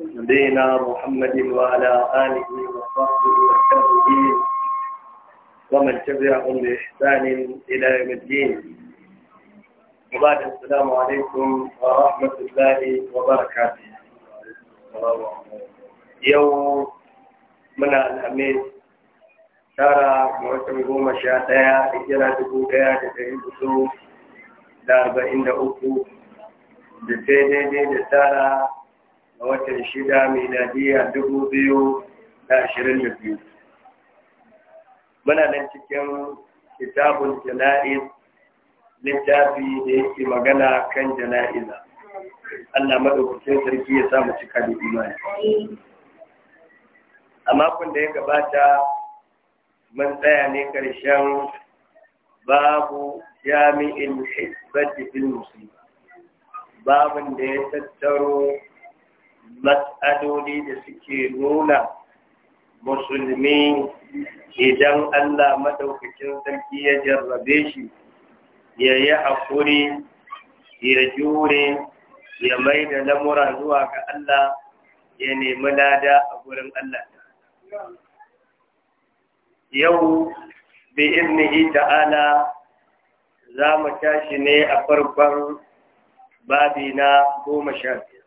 نبينا محمد وعلى آله وصحبه والتابعين ومن تبعهم بإحسان إلى يوم الدين وبعد السلام عليكم ورحمة الله وبركاته يوم من الأمير tara ga watan goma sha ɗaya hijira dubu ɗaya da ɗari hudu da arba'in da uku da ta da tara a watan shida miladiya dubu biyu da ashirin da biyu muna nan cikin kitabun jana'iz littafi da yake magana kan jana'iza Allah maɗaukacin sarki ya samu cika da imani a makon da ya gabata mun tsaya ne ƙarshen babu jami'in hibbati fil musulmi babin da ya tattaro matsaloli da suke nuna musulmi idan Allah madaukakin sarki ya jarrabe shi ya yi haƙuri ya jure ya mai da lamura zuwa ga Allah ya nemi lada a gurin Allah yau bi iznihi ta'ala za mu tashi ne a farkon babi na goma sha biyar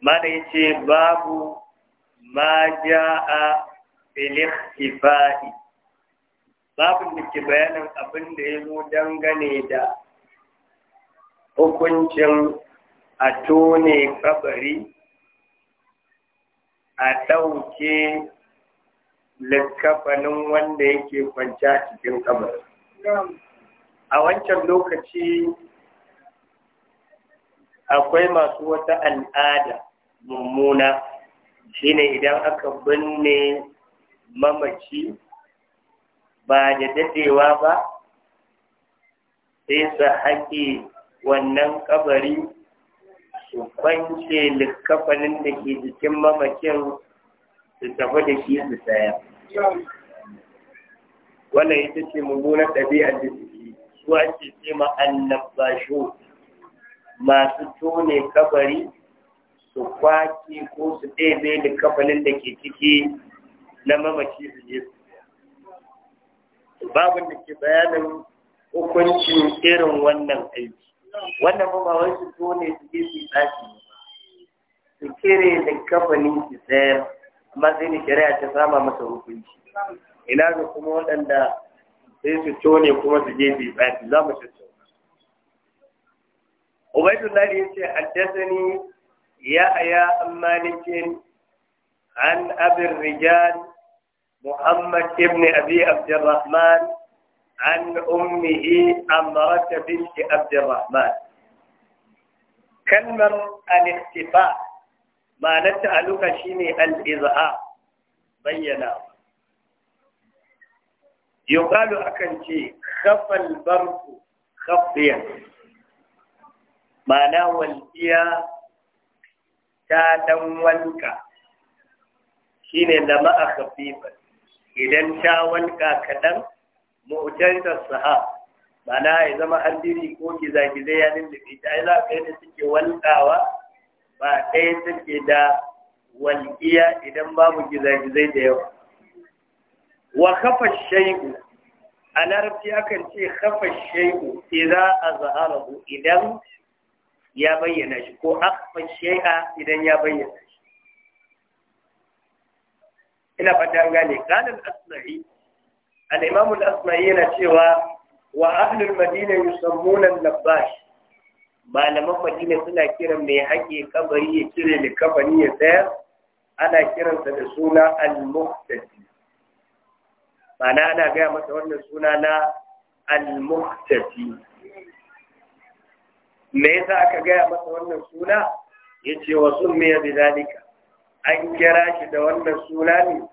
mana ya ce babu ma ja a ja'a filifai babin da ke bayanin abin da ya zo dangane da hukuncin a tone kabari a ɗauke likafanin wanda yake kwanci a cikin kabari a wancan lokaci akwai masu wata al'ada mummuna shine idan aka binne mamaci ba da dadewa ba sai su haƙe wannan kabari su kwance likafanin da ke jikin mamakin su tafi da shi su saya wannan ita ce mummunar ɗabi'ar da su ake ce ma annabashu masu tone kabari su kwaki ko su ɗebe da kafanin da ke ciki na mamaci su je su babin da ke bayanin hukuncin irin wannan aiki wannan mamawar su tone su je su tsaki su kere da kafalin su sayar amma sai ne shari'a ta sama masa hukunci ina ga kuma waɗanda sai su tone kuma su je su bayani za mu tattauna Ubaidullah ya ce haddathani ya aya malikin an abin rijal محمد ابن أبي عبد الرحمن عن أمه أمرة Kalmar عبد الرحمن كلمة الاختفاء ما نسألك شيني الإظهار بينا yuqalu akan ce khafal barku khafiyan ma'ana walƙiya ta dan wanka shine da ma'a idan ta wanka kaɗan mu'tantar saha ma'ana ya zama hadiri ko gizagizai ya lullube ta yi za ka da suke wankawa ba ɗaya suke da walƙiya idan babu gizagizai da yawa wa khafa shay'u a larabci akan ce khafa shay'u idza azharahu idan ya bayyana shi ko akhfa shay'a idan ya bayyana shi ina fata gane qala al-asma'i al-imam al-asma'i yana cewa wa al madina yusammuna al-labbash malaman madina suna kiran mai haƙe kabari ya cire likafani ya tsaya ana kiransa da suna al-muhtadi ma'ana ana gaya masa wannan suna na al-muhtafi me yasa aka gaya masa wannan suna yace wa miya bidalika an kira shi da wannan suna ne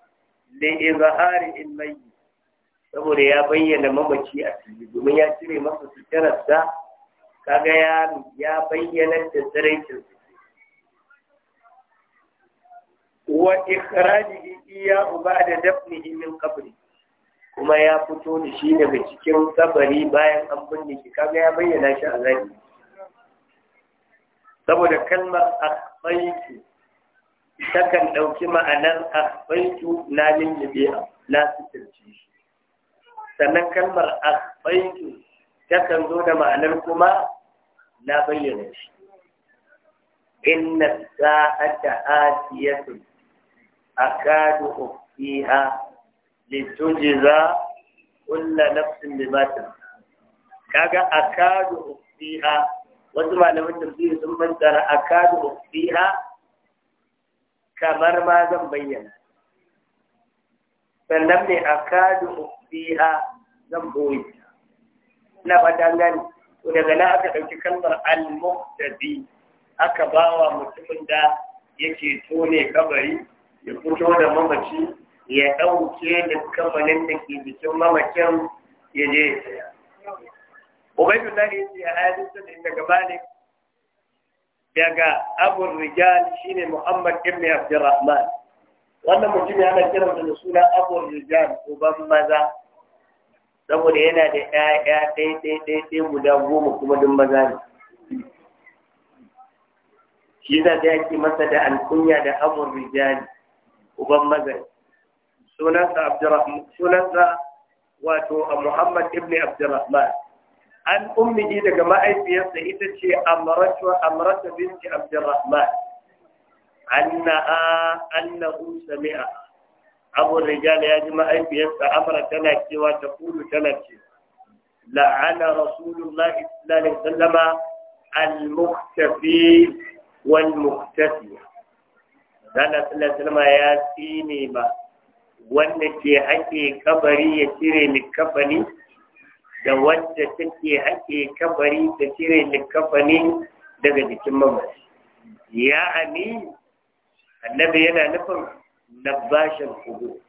da izhari in Mai. saboda ya bayyana mamaci a fili domin ya cire masa sutararsa kaga ya ya bayyana da tsiraitin wa ikhrajihi iya ubada dafnihi min qabri kuma ya fito da shi daga cikin kabari bayan an binne shi kaga ya bayyana shi a zai saboda kalmar akhbaitu takan ɗauki ma'anar akhbaitu na lullube na suturce shi sannan kalmar akhbaitu takan zo da ma'anar kuma na bayyana shi inna sa'ata atiyatu akadu ufiha litujza kullu nafsin bi tas'a kaga akadu ukhfiha wasu malaman tafsiri sun fassara akadu ukhfiha kamar ma zan bayyana sannan ne akadu ukhfiha zan boye ina fata gani to daga nan aka dauki kalmar al-muqtadi aka bawa mutumin da yake tone kabari ya fito da mamaci ya ɗauke da kamalin da ke jikin mamakin ya je ya saya. ya ce a hadisun da daga Malik daga abun Rijal ne Muhammad ibn Abdurrahman. Wannan mutum ya yana kiran da suna abun Rijal uban maza saboda yana da 'ya'ya ɗaya ɗaya guda goma kuma duk maza ne. Shi za ta yaki masa da alkunya da abun Rijal uban maza ne. sunansa abdurrahman sunansa wato muhammad ibn abdurrahman an ummihi daga ma'aifiyarsa ita ce amratu amratu binti abdurrahman annaha annahu sami'a abu rijal ya ji ma'aifiyarsa amra tana cewa ta kulu tana cewa La'ana رسول الله صلى الله عليه muktafi, المختفي والمختفي قال صلى الله عليه وسلم يا wanda ke hake kabari ya cire likafani da wanda take hake kabari ta cire likafani daga jikin mamaci ya ani annabi yana nufin nabbashin kudu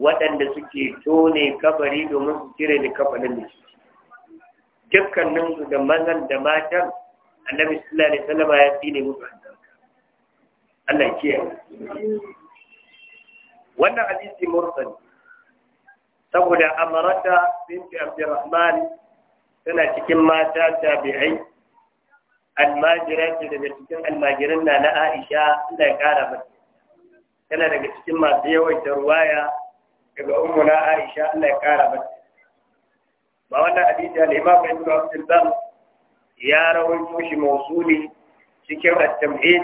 waɗanda suke tone kabari domin su cire likafanin da shi dukkaninsu da mazan da matan annabi sallallahu alaihi wasallam ya ne musu Allah ya kiyaye wannan hadisi mursali saboda amarata binti abdurrahman tana cikin mata tabi'ai almajira ce daga cikin almajirin na na aisha Allah ya kara mata tana daga cikin masu yawan ruwaya daga ummu na aisha Allah ya kara mata ba wannan hadisi al-imam ibn abdul ya rawaito shi mausuli cikin at-tamhid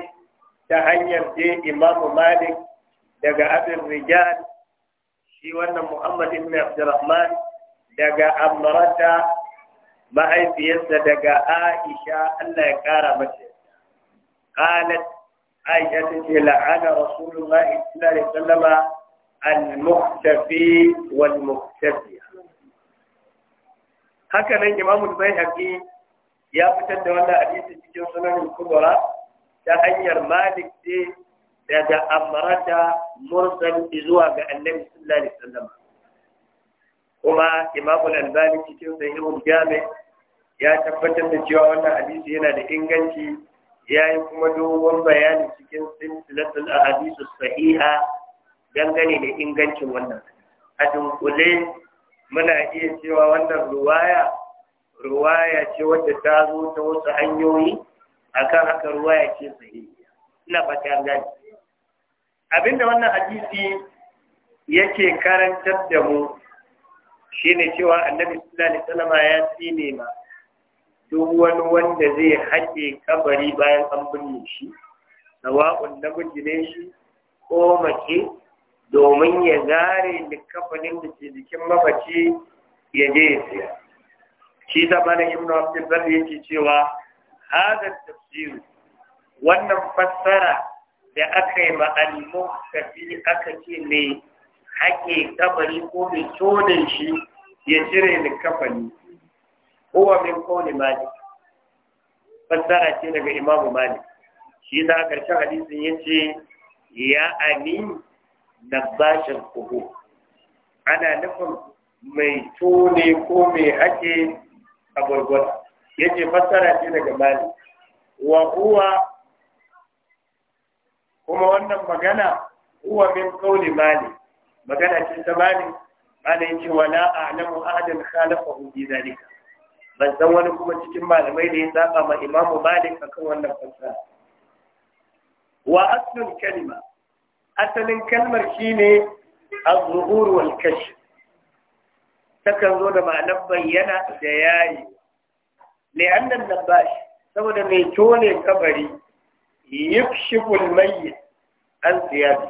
ta hanyar da imam malik daga abin rijal shi wannan muhammad ibn abdurrahman daga amrata mahaifiyarsa daga aisha Allah ya kara mace qalat aisha ta la'ana rasulullahi sallallahu alaihi wasallama al-muhtafi wal muhtafi haka nan imamu bayhaqi ya fitar da wannan hadisi cikin sunanin kubra ta hanyar malik dai daga amarata mursal zuwa ga annabi sallallahu alaihi wasallam kuma imamu al-albani cikin al jami ya tabbatar da cewa wannan hadisi yana da inganci yayi kuma dogon bayani cikin silsilatul ahadisu sahiha dangane da ingancin wannan a dunkule muna iya cewa wannan ruwaya ruwaya ce wadda ta zo ta wasu hanyoyi akan haka ruwaya ce sahiha ina fata gani abinda wannan hadisi yake karantar da mu shine cewa annabi sallallahu alaihi wasallam ya tsine ma duk wani wanda zai haƙe kabari bayan an binne shi sawa'un namiji ne shi ko mace domin ya zare likafanin da ke jikin mabaci ya je ya siya shi ta bana ibn abdul bar yake cewa hada tafsir wannan fassara da aka yi ma'almuktafi aka ce mai haƙe kabari ko mai conin shi ya cire ni kafani kowa min kone mali fassara ce daga imamu mali shi da ƙarshen hadisin ya ce ya ani na bashin kogo ana nufin mai tone ko mai haƙe a gwargwada ya ce fassara ce daga mali wa kowa. kuma wannan magana huwa min qawli mali magana ce ta mali ana yake wala a'lamu ahadan khalafahu bi zalika ban san wani kuma cikin malamai da ya saba ma imam malik akan wannan fassara wa aslul kalima asalin kalmar shine az-zuhur wal kashf takan zo da ma'anar bayyana da yayi li'anna nabash saboda mai tone kabari yukshifu al-mayyit an siyabi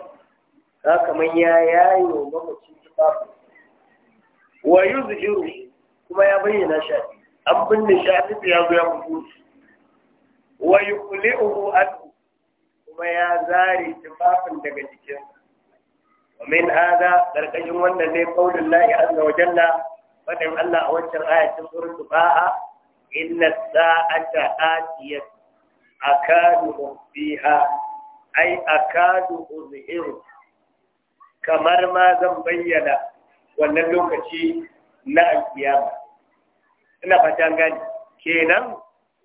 ka kaman ya yayo mamacin tufafi wa yuzhiru kuma ya bayyana shafi. an binne shi ya zo ya fito wa yuqli'uhu kuma ya zare tufafin daga jikinsa ومن هذا درجه وان لي قول الله عز وجل Allah, الله wancan آية سورة طه إن الساعة آتية akadu biha ai akadu uzhiru kamar ma zan bayyana wannan lokaci na alkiyama ina fatan gani kenan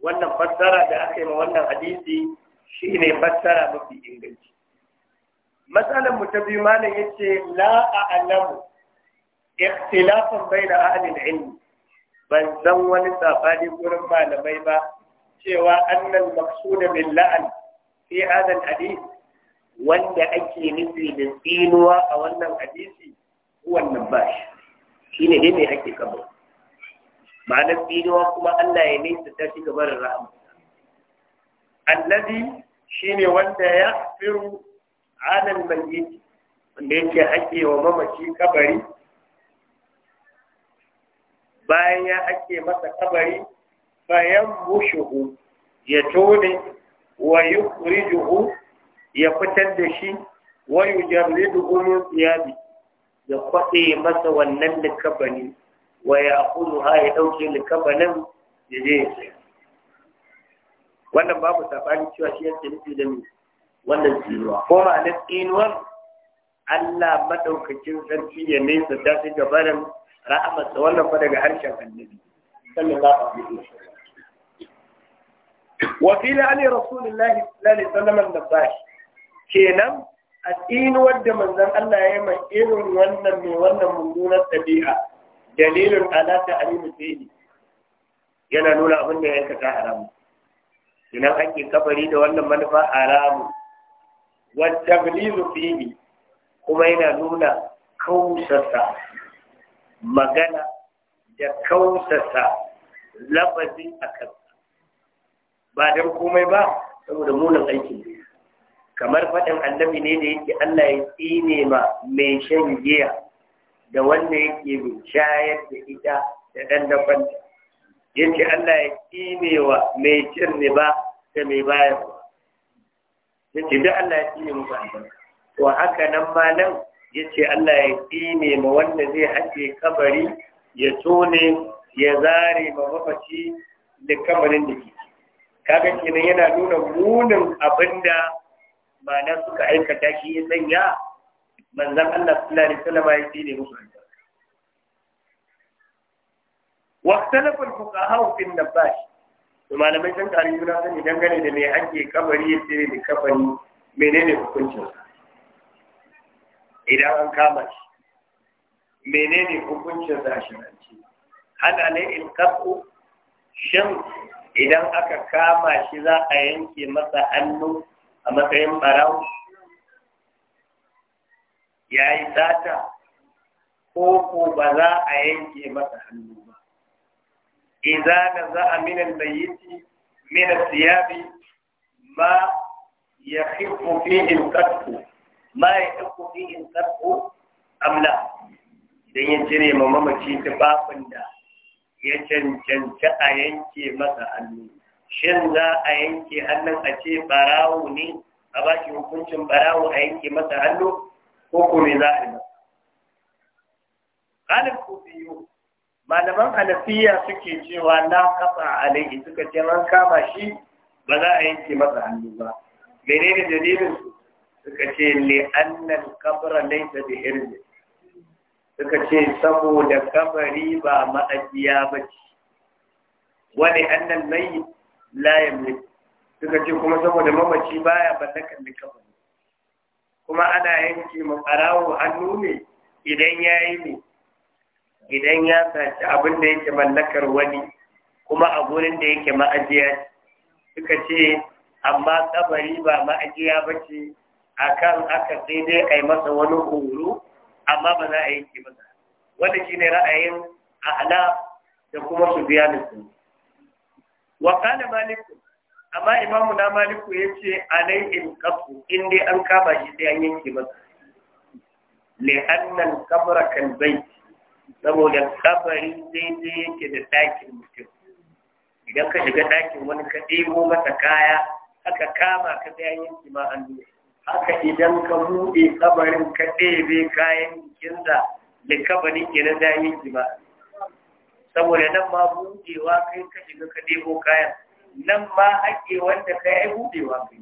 wannan fassara da aka yi ma wannan hadisi shine fassara mafi inganci matsalar mu ta biyu malam yace la a'lamu ikhtilafan bayna ahli al-ilm ban san wani safani gurin malamai ba cewa annal maqsuda bil la'an fi hadha hadis wanda ake nufi da tsinuwa a wannan hadisi wannan ba shi ne dai ake kabar ma'anar tsinuwa kuma Allah ya nesa ta shi gabar rahama shi shine wanda ya firu alal mayyit wanda yake ake wa mamaci kabari bayan ya ake masa kabari fayambushuhu ya tone wa yukhrijuhu ya fitar da shi wa yujarriduhu min thiyabi ya kwade masa wannan likabani wa ya ya'khudhu ha ya dauke da zai yi. wannan babu sabani cewa shi yake nufi da mi wannan tsinuwa ko ma'anar tsinuwar Allah madaukakin sarki ya nesa ta fi gabanin ra'amarsa wannan fa daga harshen annabi sallallahu alaihi wasallam wa ali rasulullahi sallallahu alaihi bashi kenan a tsinuwar da manzon Allah ya mai irin wannan mai wannan mummunar ɗabi'a dalilin alata alimu sai yana nuna abin da ya aikata haramu idan ake kabari da wannan manufa haramu wata bilizu fiye kuma yana nuna kausasa magana da kausasa lafazi a kan ba dan komai ba saboda munin aiki kamar faɗin annabi ne da yake Allah ya tsine ma mai shan giya da wanda yake mai shayar da ita da ɗan dafanta yake Allah ya tsine wa mai cin ba da mai bayar yace duk Allah ya tsine mu ba to haka nan ma nan yace Allah ya tsine ma wanda zai haƙe kabari ya tone ya zare ma mafaci da kabarin da ke kaga kenan yana nuna munin abinda na suka aikata shi ya sanya manzan Allah sallallahu alaihi wasallam ya tsine musu albarka wa ikhtalafu al-fuqaha fi an-nabash malamai san kare san sani dangane da me ake kabari ya tsine da kafani menene hukuncin idan an kama shi menene hukuncin da shi hada ne in kafu shan idan aka kama shi za a yanke masa hannu a matsayin barau ya yi sata ko ko ba za a yanke masa hannu ba iza da za a minan bayyiti minan siyabi ma ya fi fihin karku ma ya amla idan ya cire ma mamaci tufafin da ya cancanci a yanke masa hannu shin za a yanke hannun a ce barawo ne a ba hukuncin barawo a yanke masa hannu ko kuma za a yi masa malaman alafiya suke cewa na kafa alaihi suka ce an kama shi ba za a yanke masa hannu ba menene dalilin suka ce li annal kabra laysa bi irbi suka ce saboda kabari ba ma'ajiya ba ce wani annan mai layan ne suka ce kuma saboda mamaci baya mallakan da kabari kuma ana yanke makarawo hannu ne idan ya yi ne idan ya saci abin da yake mallakar wani kuma a gurin da yake ma'ajiya suka ce amma kabari ba ma'ajiya ba ce kan aka daidai dai a yi masa wani horo amma ba za a yanke masa wanda shine ra'ayin ahla da kuma su ne su wa kana maliku amma imamu na maliku ya ce alai in kafu in dai an kama shi sai an yanke masa li'annan kabra kan bai saboda kabari daidai yake da ɗakin mutum idan ka shiga ɗakin wani ka ɗebo masa kaya aka kama ka sai an yanke ma an dole haka idan ka buɗe kabarin ka ɗebe kayan jikinsa da kabarin ke na yi ji ba saboda nan ma buɗewa kai ka shiga ka ɗebo kayan nan ma ake wanda ka yi buɗewa kai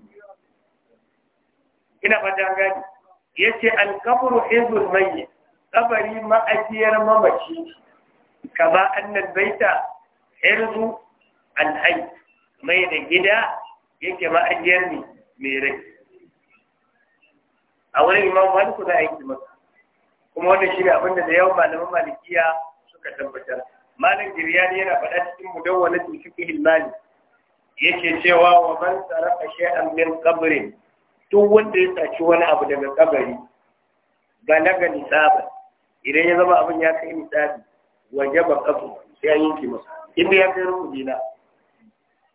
ina ta gani ya ce alkaburu izul mai, kabari ma'ajiyar mamaci kama Annan baita hirzu alhayy mai da gida yake ma'ajiyar ne mai rai a wurin imam maliku za a yi maka? kuma wannan shi ne abin da yawan malaman malikiya suka tabbatar malam jiryani yana faɗa cikin mudawwalatul fiqh al hilmani yake cewa wa man a shay'an min qabrin duk wanda ya saci wani abu daga kabari ga nisaba idan ya zama abin ya kai nisabi ba kafin sai an yanke masa inda ya kai rukuni na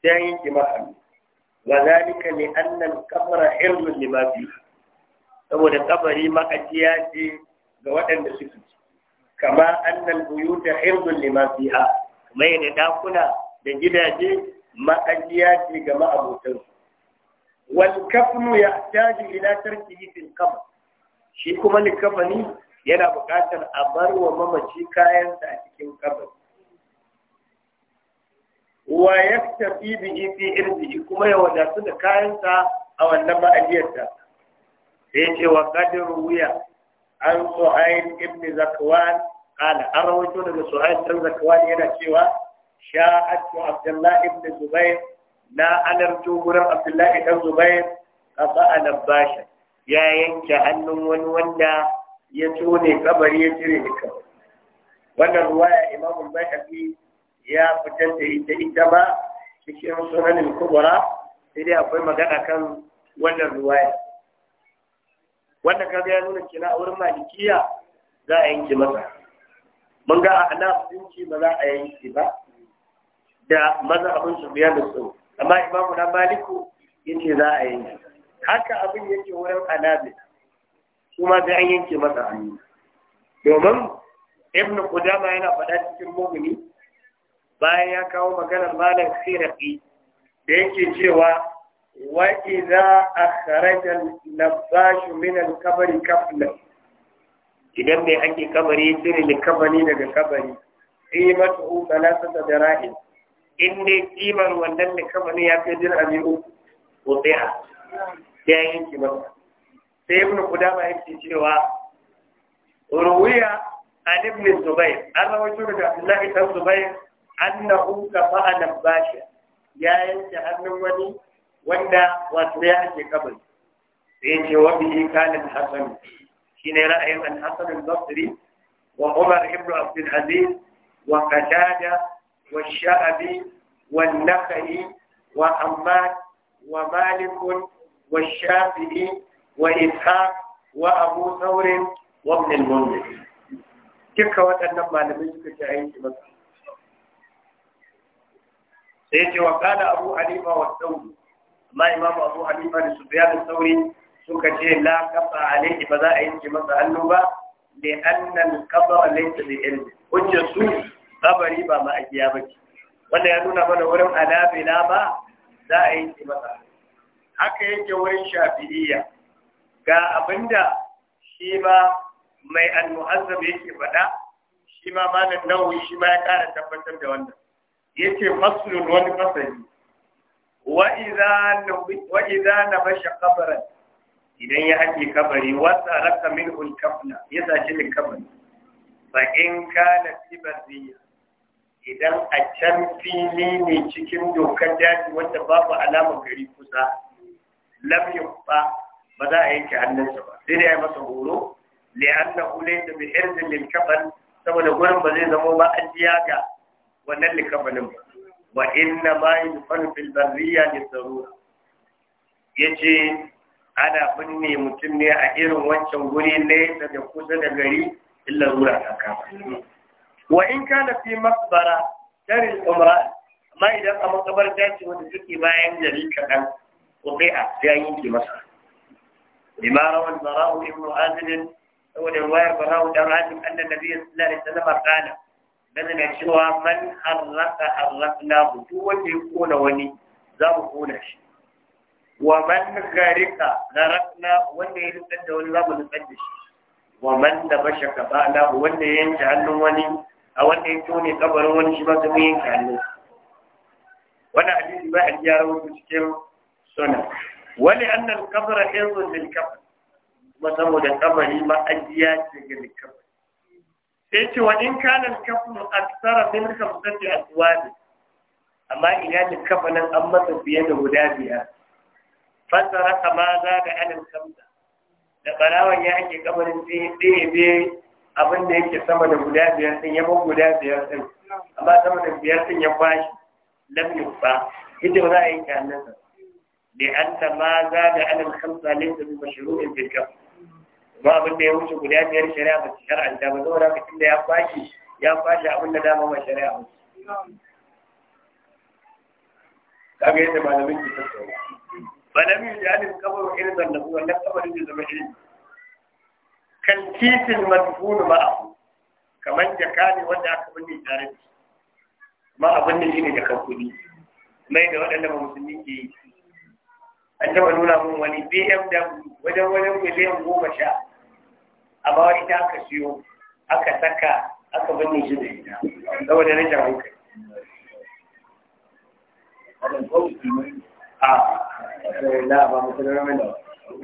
sai an yanke masa wa zalika ne anna kabara qabra limafi saboda kabari ma'ajiya ce ga waɗanda suke kama annal buyuta hirdun liman fiha kuma yana dakuna da gidaje ma'ajiya ce ga ma'abotan wal kafnu caji ila tarkihi fil qabr shi kuma likafani yana buƙatar a bar wa mamaci kayansa a cikin kabari wa yaktafi bihi fi irdihi kuma ya wadatu da kayansa a wannan ma'ajiyarta. sai ce wa qadir ruya an suhail ibn zakwan qala an rawaito daga suhail ibn zakwan yana cewa sha'atu abdullahi ibn zubair na alarto gurin Abdullahi ibn zubair qada basha ya yanke hannun wani wanda ya tone kabari ya cire ni wannan ruwaya imamul bayhaqi ya fitar da ita ita ba cikin sunanin kubra sai dai akwai magana kan wannan ruwaya wanda ga ya nuna kina a wurin malikiya za a yanke masa mun ga a ana abinci ba za a yanke ba da maza abin su biya da su amma imamu na maliku yace za a yanke haka abin yake wurin anabi su ma sai an yanke masa hannu domin ibn qudama yana faɗa cikin mughni bayan ya kawo maganar malam sirri da yake cewa وإذا أخرج النباش من الكبر كفلا idan mai ake kabari cire likabani daga kabari qimatu thalathata dirahim in ne kimar wannan likabani ya kai dirhami uku ko sai a sai yanki masa sai ibn qudama yake cewa ruwiya an ibn zubair an rawaito daga abdullahi dan nabasha ya yanke hannun wani wanda wato ya ake kabari sai ce wa bihi kalin hasan shine ra'ayin al-hasan al-basri wa umar ibn abd al-aziz wa qatada wa sha'abi wa nakhai wa ammad wa malik wa shafi'i wa ishaq wa abu thawr wa ibn al-munzir kika waɗannan malamai suka ce ayin masa sai ce wa kana abu hanifa wa thawr amma imam abu hanifa da sufyan sauri suka ce la kafa alaihi ba za a masa hannu ba da annan kafa laysa bi ilmi hujjar su kabari ba ma'ajiya ba ce wanda ya nuna mana wurin alabila ba za a masa haka yake wurin shafi'iyya ga abinda shi ma mai al-muhazzab yake faɗa shi ma malam nawawi shi ma ya ƙara tabbatar da wannan yace faslun wani fasali wa'iza na fashe kabarin idan ya haƙe kabari wata raka min hulkafna ya sace min kabari ba in ka na sibaziyya idan a can fili ne cikin dokar daji wanda babu alamar gari kusa lam ba ba za a yanke hannunsa ba sai da ya masa horo li'anna ulaysa bi irzin lil kafan saboda gurin ba zai zama ba an ga wannan likafanin ba wa inna ma yufan fil barriya li darura yace ana binne mutum ne a irin wancan guri ne daga kusa da gari illa rura ta kafa wa in kana fi maqbara taril umra amma idan a makabarta ce wanda suke bayan gari kaɗan وقيع في أي مصر لما روى البراء ابن عازم هو رواية براء بن عازم أن النبي صلى الله عليه وسلم قال dan na cewa man harraka harrakna duk wanda ya kona wani za mu kona shi wa man garika garakna wanda ya nutsar da wani za mu nutsar da shi wa man da basha kabana wanda ya yanke hannun wani a wanda ya tone kabarin wani shi ba ta mun yanke hannun wannan hadisi ba a gyara wasu cikin suna wani annan kabara irin lil kafar kuma saboda kabari ma'ajiya ce ga likafar sai ce wa in kana kafin aksara min hamsati ne amma idan da kafanin an masa fiye da guda biyar fasara kama za da alin kamta da barawan ya ake kamarin sai ɗaya be abin da yake sama da guda biyar sun ya guda biyar sun, amma sama da biyar sun ya bashi lamin ba, hidda za a yi kyanansa da an ta ma za da alin kamta ne da mashiru'in fil ba abin da ya wuce guda biyar shari'a ba ta shar'anta ba da kacin da ya fashi ya fashi abin da dama ba shari'a ba kaga yadda malamin ke tattauna malamin ya ne wa irin zannabu wannan kamar da zama shi kan titin madfunu ma'a kamar jaka ne wanda aka binne tare da ma abin da shine da kudi mai da waɗanda ba musulmi ke yi an taɓa nuna mun wani bmw wajen wajen miliyan goma sha amma wani ta aka siyo aka saka aka bane shi da ita saboda na ah. jawo kai a na ba musulman mana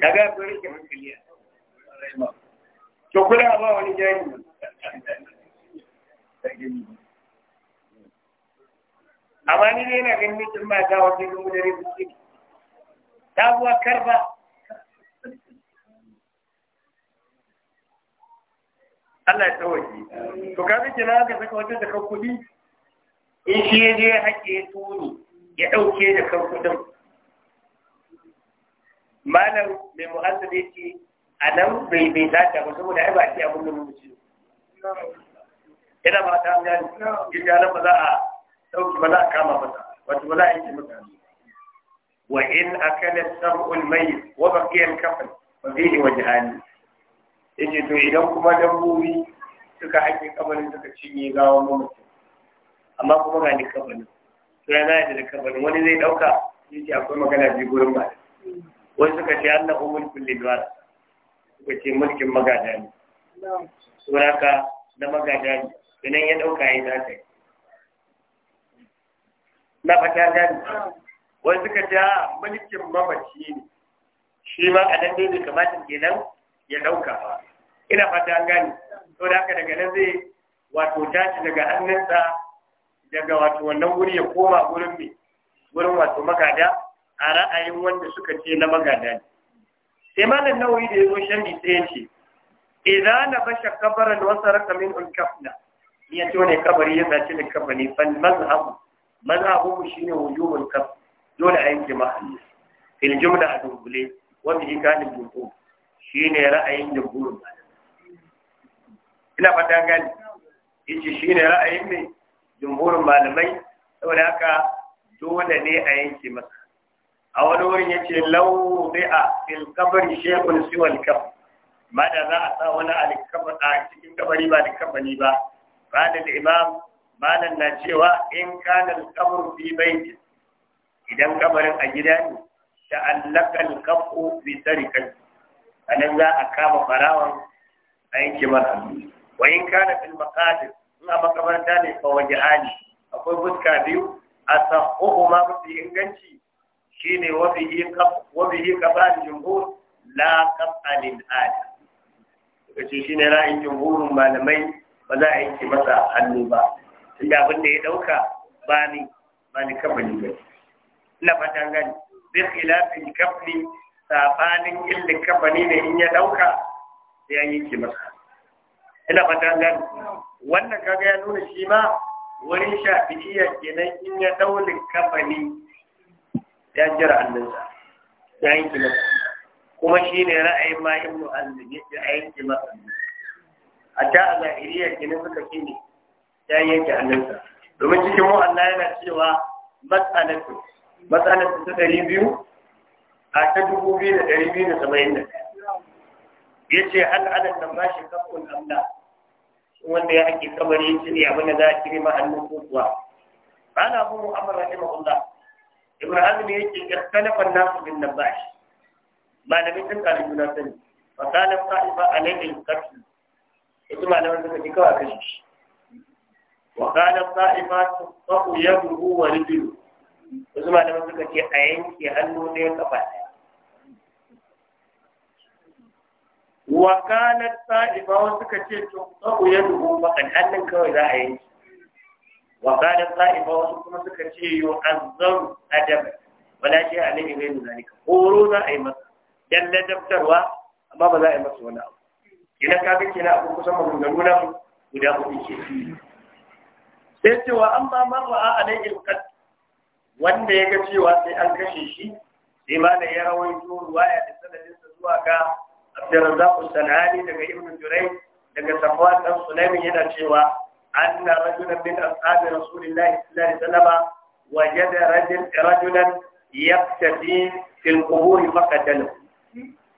kaga ya kuri ke musuliya to kula ba wani jani amma ni ne na ganin mutum ba ta wajen gudanar da suke ta buwa karba Allah ya tsawaki. to kaga na ka saka wata da kuɗi in shi ya je haƙe ya tuni ya ɗauke da kan malam mai mu'azzar ya ce a nan bai bai dace ba saboda ai ba a ce abin da mun ci ina ba ta gani gida nan ba za a ɗauki ba za a kama ba wato ba za a yanke mutane wa in akala sam'ul mayyit wa baqiya ba kafan fa fihi wajhani yake to idan kuma dabbobi suka haƙe kabarin suka cinye gawa mutum amma kuma ga ni kabarin to yana zai da kabarin wani zai ɗauka yace akwai magana biyu gurin ba wani suka ce Allah umul kulli dwar suka ce mulkin magada ne suraka na magada ne idan ya ɗauka ya yi ta yi na fata gani wani suka ce mulkin mamaci ne shi ma a nan ne kamata kenan ya ɗauka ba ina fata an gane to da haka daga nan zai wato tashi daga hannunsa daga wato wannan wuri ya koma wurin mai wurin wato magada a ra'ayin wanda suka ce na magada ne sai nan nauyi da ya zo shan sai ya ce idza na basha kabarin wa rakamin min al ya ce wani kabari ya sace ne kabari fal mazhabu mazhabu shine wujubul kaf dole a yanke mahalli fil a dunkule wa bihi kana shi ne ra'ayin jumhur ina fata gani yace ne ra'ayin ne jumhurin malamai saboda haka dole ne a yanke masa a wani wurin yace law bi'a fil qabri shay'un siwal kaf ma da za a sa wani alkabari a cikin kabari ba alkabari ba ba da imam malan na cewa in kana al-qabr fi baiti idan kabarin a gida ne allaka al-qabru bi tarikati anan za a kama farawan a yanke masa wa in kana fil maqadir in a makabarta ne fa waj'ani akwai fuska biyu asahuhu ma mafi inganci shine wa bihi qab wa bihi qaban jumhur la qaban al kace shine ra'ayin jumhurin malamai ba za a yanke masa hannu ba tunda abin da ya dauka ba ni ba ni kabali ba ina fatan gani bi khilafin kafni sabanin illi kabani ne in ya dauka sai an yanke masa ina fata gani wannan kaga ya nuna shi ma wurin shafi'iyya kenan in ya daulin kafani ya jira annansa ya yanki masa kuma shi ne ra'ayin ma ibnu azmi ya a yanki masa a ta a zahiriyya kenan suka ce ne ya yanki annansa domin cikin mu'alla yana cewa matsalatu matsalatu ta ɗari biyu a ta dubu biyu da ɗari biyu da saba'in da ya ce an adadin ba shi kafin amla wanda ya ake kabari shi ne abin da za a kiri ma hannun kuwa ana bu mu'amala rahimahullah ibrahim yake ikhtalafa an nasu bin ba da sun kare juna sani fa qala qa'ifa alayhi ƙarfi. qatl ita malamai suka ji kawai kashi shi wa qala qa'ifa tuqu yabru wa rijlu wasu malamai suka ce a yanke hannu ɗaya kafa ɗaya wa kanat sa'iba wasu suka ce to tsawo ya dubo bakan hannun kawai za a yi wa kanat sa'iba wasu kuma suka ce yo azzam adab wala shi alaihi ghayru zalika horo za a yi masa dan ladabtarwa amma ba za a yi masa wani abu idan ka ga kina abu kusan nuna mu guda hudu ke sai cewa amma man a alaihi alqad wanda ya ga cewa sai an kashe shi sai ma da ya rawaito ruwaya da sanadinsa zuwa ga Abdurrazzaq as-Sanani daga Ibn Jurayy daga Safwan dan Sulaiman yana cewa anna rajulan min ashabi Rasulillahi sallallahu alaihi wasallam wajada rajul rajulan yaqtadi fil qubur faqatalahu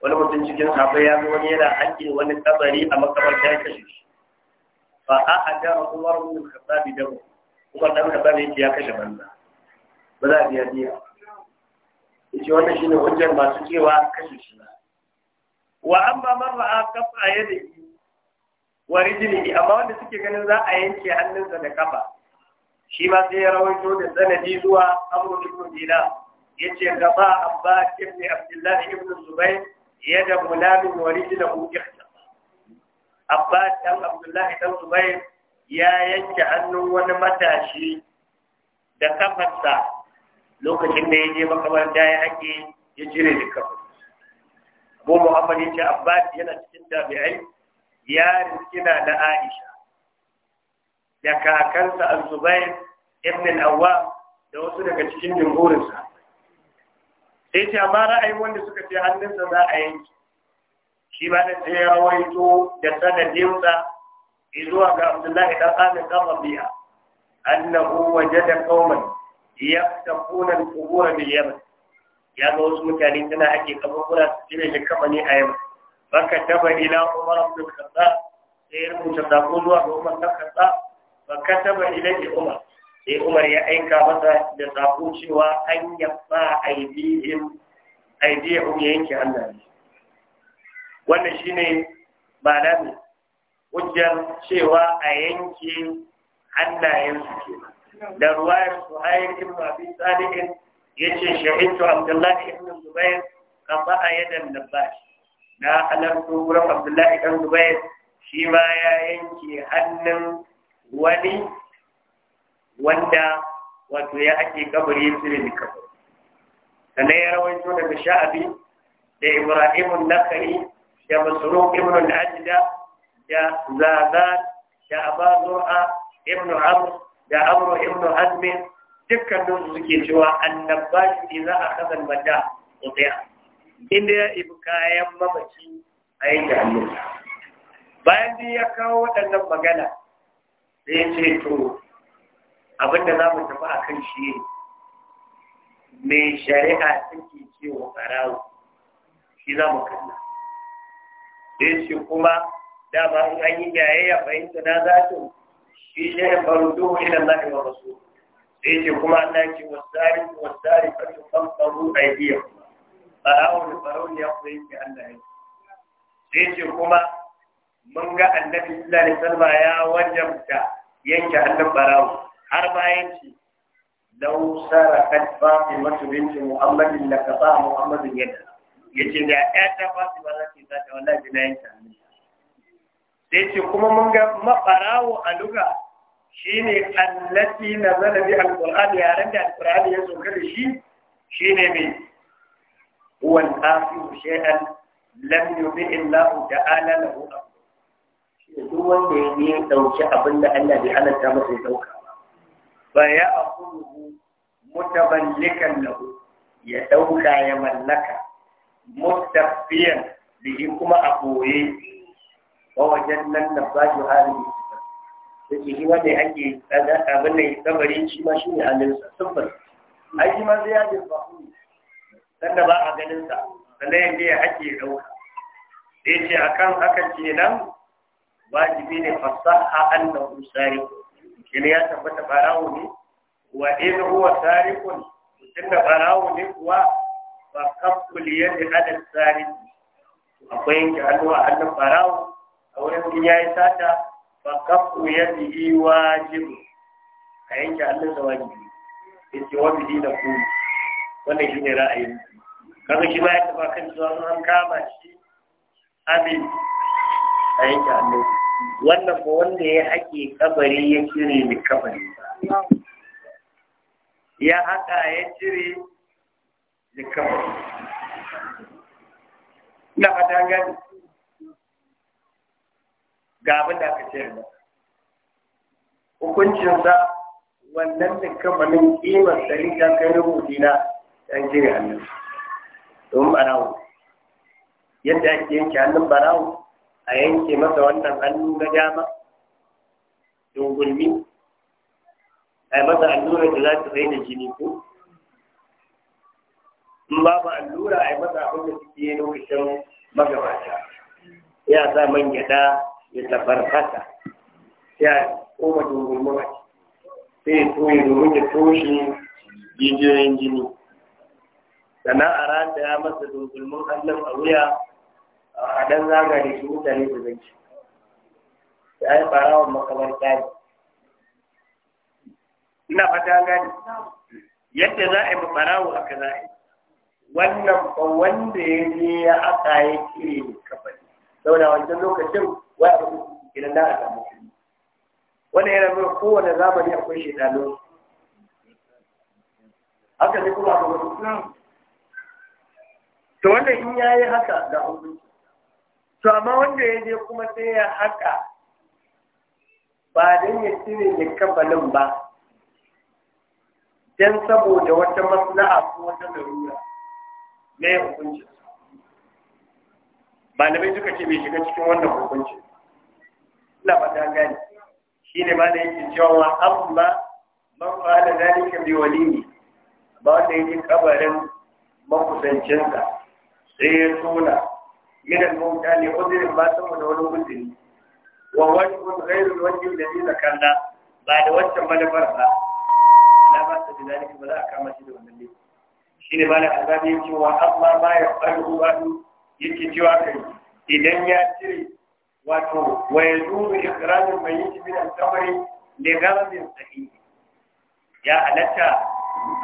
wani mutum cikin sahabbai ya zo wani yana aiki wani kabari a makabarta ya kashe shi fa a ajara Umar bin Khattab da Umar dan Khattab yake ya kashe banza ba za a biya biya yace wannan shine hujjar masu cewa kashe shi ba wa amma man ra'a kafa yadihi wa rijlihi amma wanda suke ganin za a yanke hannunsa da kafa shi ma sai ya rawaito da sanadi zuwa amru ibn dina yace gaba abbas ibn abdullah ibn zubair yada gulamin wa rijlahu ihtasa Abba! dan abdullah dan zubair ya yanke hannun wani matashi da kafarsa lokacin da ya je makabarta ya ake ya jire da kafarsa ko Muhammad yace Abbas yana cikin tabi'ai ya riskina da Aisha da kakansa Al-Zubair ibn al awwa da wasu daga cikin jumhurinsa sai ce amma ra'ayin wanda suka ce hannunsa za a yanki shi ba da sai ya rawaito da sanadin sa izuwa ga Abdullahi dan Amir Qamabiya annahu wajada qauman yaqtafuna al-qubur bil yaman ya ga wasu mutane suna ake kaburbura su cire shi kama ne a yau baka taba ila umar bin khattab sai ya rubuta sako zuwa ga umar bin ba baka taba ila umar sai umar ya aika masa da sako cewa an yabba aidihim aidihim ya yanke Allah ne wannan shine ba na ne hujjar cewa a yanke su ke da ruwayar suhair ibn abi salihin yace shahidtu abdullahi ibn zubair qata yadan nabash na halarta wurin abdullahi ibn zubair shi ma ya yanke hannun wani wanda wato ya ake kabari ya cire da kabari sannan ya rawaito daga sha'abi da ibrahim nakari da masruq ibn al-ajda da zaban da abazura ibn amr da amr ibn hazmin Dukkan su suke cewa annabba shi ne za a kasan ko tsaya inda ya ibi kayan mamaci a yi jami'a bayan da ya kawo waɗannan magana da ya ce to abinda za mu tafi a kan shi mai shari'a take cewa ɓarawo shi za mu kalla da ya ce kuma dama an yi yayayya fahimta na zafin shi ne za ilan yi wa rasu sai ce kuma Allah ce wasari wasari fa tu fasaru aidiya fara'un fara'un ya ku yi Allah ya sai ce kuma mun ga annabi sallallahu alaihi Salma ya wajabta yanke hannun barawo har bayan ci lau sarakat Fatima binti Muhammadin la kafa Muhammadin yadda yace da ya ta ba za ta ta wallahi na yanke hannun sai ce kuma mun ga mabarawo a lugar shine allati nazala bi alqur'ani yaren da alqur'ani ya sauka da shi shine me huwa al-afiru shay'an lam yubi illahu Shi ne duk wanda ya ne dauki abin da Allah bai halatta masa ya dauka ba ya aqulu mutaballikan lahu ya ɗauka ya mallaka mutafiyan bihi kuma a boye wa wajen nan da ba shi hali yace shi wanda ake tsada abin nan kabari shi ma shi ne alinsa sufur ai shi ma sai ya jefa hulu sanda ba a ganin sa sannan yanda ya ake dauka da yace akan haka kenan wajibi ne fasaha annahu sariq kin ya tabbata barawo ne wa in huwa sariqun tunda barawo ne kuwa fa kaful yadi ala sariq akwai yanke hannu a hannun barawo a wurin ya yi sata fa kafu yadihi wajib a yanke hannun sa wajibi yace wa bihi da ku wannan shine ra'ayin kaga shi ma ya taba kan cewa an kama shi abin a yanke hannun wannan ba wanda ya haƙe kabari ya cire ni kabari ya haƙa ya cire ni kabari ina fata gani ga abin da aka ce hukuncin hukuncinsa wannan da kamanin kimar tsari ta kai rubuti na ɗan jiri hannun domin barawo yadda ake yanke hannun barawo a yanke masa wannan hannu na dama dungulmi a yi masa allura da za ta da jini ko in babu allura a yi masa abin da suke yi lokacin magabata ya sa man gyada ya tafarfasa ya koma mawa sai ya toye domin ya toshe jijiyoyin jini sannan a da ya masa dungulmin hannun a wuya a dan zaga da shi mutane da zanci ya yi barawan makabarta ne ina fata gani yadda za a yi barawo aka za a yi wannan ba wanda ya je ya aka ya kire ne kafani saboda wancan lokacin wai abu idan da aka mutu wani yana nuna kowane zamani akwai shi shedanu haka ne kuma abu to wanda in yayi haka da hudu to amma wanda ya je kuma sai ya haka ba don ya cire ne kabalin ba don saboda wata maslaha ko wata larura na Ba hukunci malamai suka ce bai shiga cikin wannan hukuncin. ina ba ta gani shi ne ma da yake cewa amma man fa'ala zalika bi walini ba wanda yake kabarin makusancinsa sai ya tona minan mota ne uzurin ba saboda wani uzuri wa wani kun gairu wani da zai kanda ba da wancan manufar ba na ba ta zalika ba za a kama shi da wannan ne shi ne malam azabi yake cewa amma ma ya faru wani yake cewa kai idan ya cire wato wa yajuzu ikrarul mayyit min al ne li gharadin tsaki ya halatta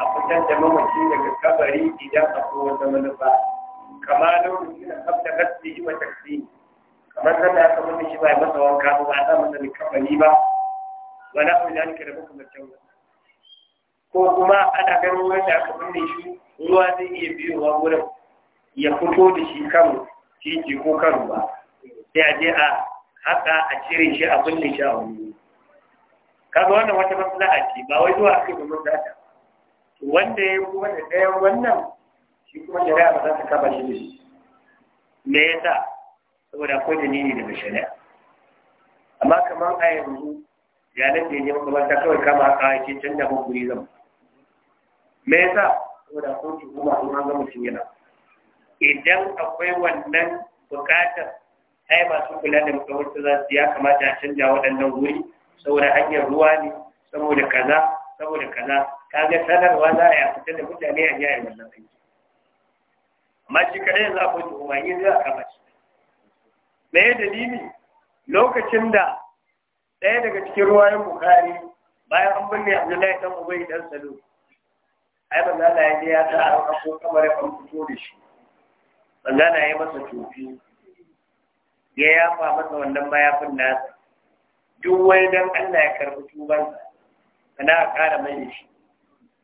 a fitar da mamaki daga kabari idan akwai da manufa kamar lokacin da kasu gaske mata taksimi kamar sanda aka mutu shi ba masa wanka ba ba a da likafani ba wani abu da nika da muka mutum ko kuma ana ganin wanda aka binne shi ruwa zai iya biyowa wurin ya fito da shi kan titi ko kan ba sai a je a haka a cire shi a kulle shi a wani kaga wannan wata maslaha ce ba wai zuwa ake domin zata wanda ya kuma da ɗayan wannan shi kuma shari'a ba za ta kaba shi ne. Me me yasa saboda akwai dalili daga shari'a amma kamar a yanzu ya nan da ne ta kawai kama a ce can da hukuri Me me yasa saboda kotu kuma an ga mutum yana idan akwai wannan bukatar ai masu kula da makamarta za su ya kamata a canja waɗannan wuri saboda hanyar ruwa ne saboda kaza saboda kaza ga sanarwa za a yi a da mutane a yayin wannan aiki amma shi kaɗai yanzu akwai tuhuma yin za a kama shi ya dalili lokacin da ɗaya daga cikin ruwayen bukari bayan an binne abdullahi dan ubai dan salo ai manzo Allah ya je ya ta a ko kamar an fito da shi manzo Allah ya masa tofi ya yafa masa wannan mayafin nasa duk wai dan Allah ya karɓi tubansa kana a ƙara mai da shi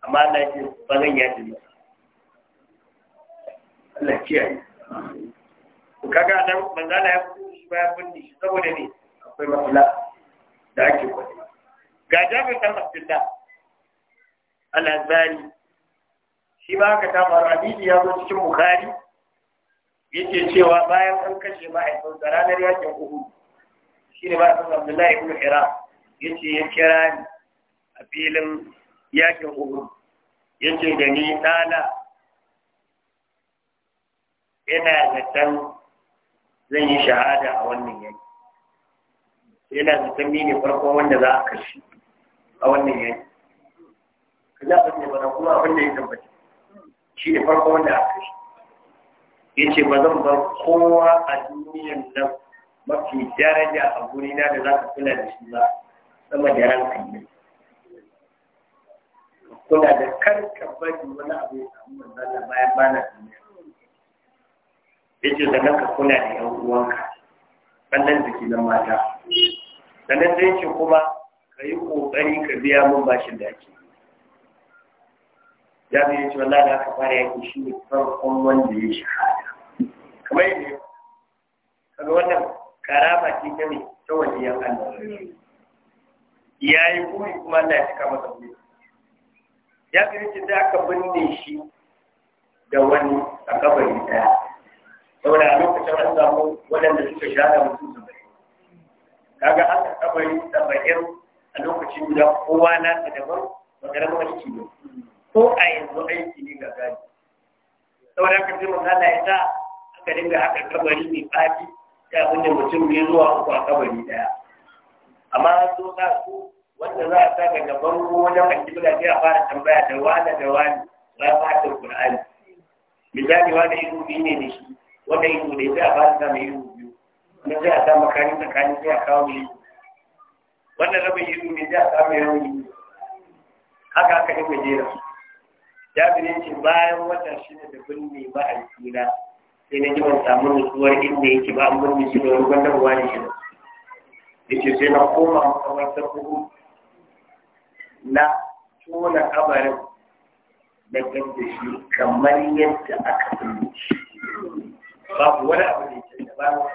amma Allah ya ce ba zan ya masa Allah kiyaye ku kaga nan manzo Allah ya fito shi mayafin ni shi saboda ne akwai matsala da ake kwani ga Jabir dan Abdullah Allah azbari shi ba ka ta faru hadisi ya zo cikin Bukhari yake cewa bayan an kashe ma'aikin da ranar yakin uhu shi ne ma'aikin abdullahi ibn hira yace ya kira ni a filin yakin uhu yace da ni ɗana ina zaton zan yi shahada a wannan yaki yana zaton ni ne farko wanda za a kashe a wannan yaki ka za a ne bana kuma abin da ya tabbata shi ne farko wanda a kashe Yace ba zan bar kowa a duniyan nan mafi daraja a gurina da za ka kula da shi ba sama da ran annabi kula da karka bari wani abu ya samu manzala bayan bana duniya Yace zan sannan ka kula da yan uwanka sannan jiki na mata sannan zai ce kuma ka yi ƙoƙari ka biya mun bashin da ake ya zai ce wallahi da aka fara yaki shi ne farkon wanda ya shahada kamar yadda kaga wannan karama ce ta ne ta ya Allah ya yi buri kuma Allah ya cika masa buri ya zai ce da aka binne shi da wani a kabari daya saboda a lokacin an samu waɗanda suka shahada mutum saba'in kaga aka kabari saba'in a lokacin da kowa da daban wanda ƙaramin aiki ne ko a yanzu aiki ne ga gaji? sauran haka sai mun ya sa aka dinga haka kabari mai fadi ta abin mutum bai zuwa uku a kabari daya amma an so sa su wanda za a sa ga gaban ko wajen alƙibla sai a fara tambaya da wani da wani ba a fata Qur'ani misali wani ido biyu ne da shi wanda ido ne sai a fara sa mai ido biyu sai a sa makarin tsakanin sai a kawo mai wannan rabin ido ne sai a sa mai rauni haka aka yi jera su jabir ya ce bayan wata ne da binne na, sai na ji ban samu nutsuwar inda yake ba an binne shi da wani gwandarwa ne shi ke sai na koma a wata hudu na tona kabarin na ganda shi kamar yadda aka binne shi babu wani abu da yake da babu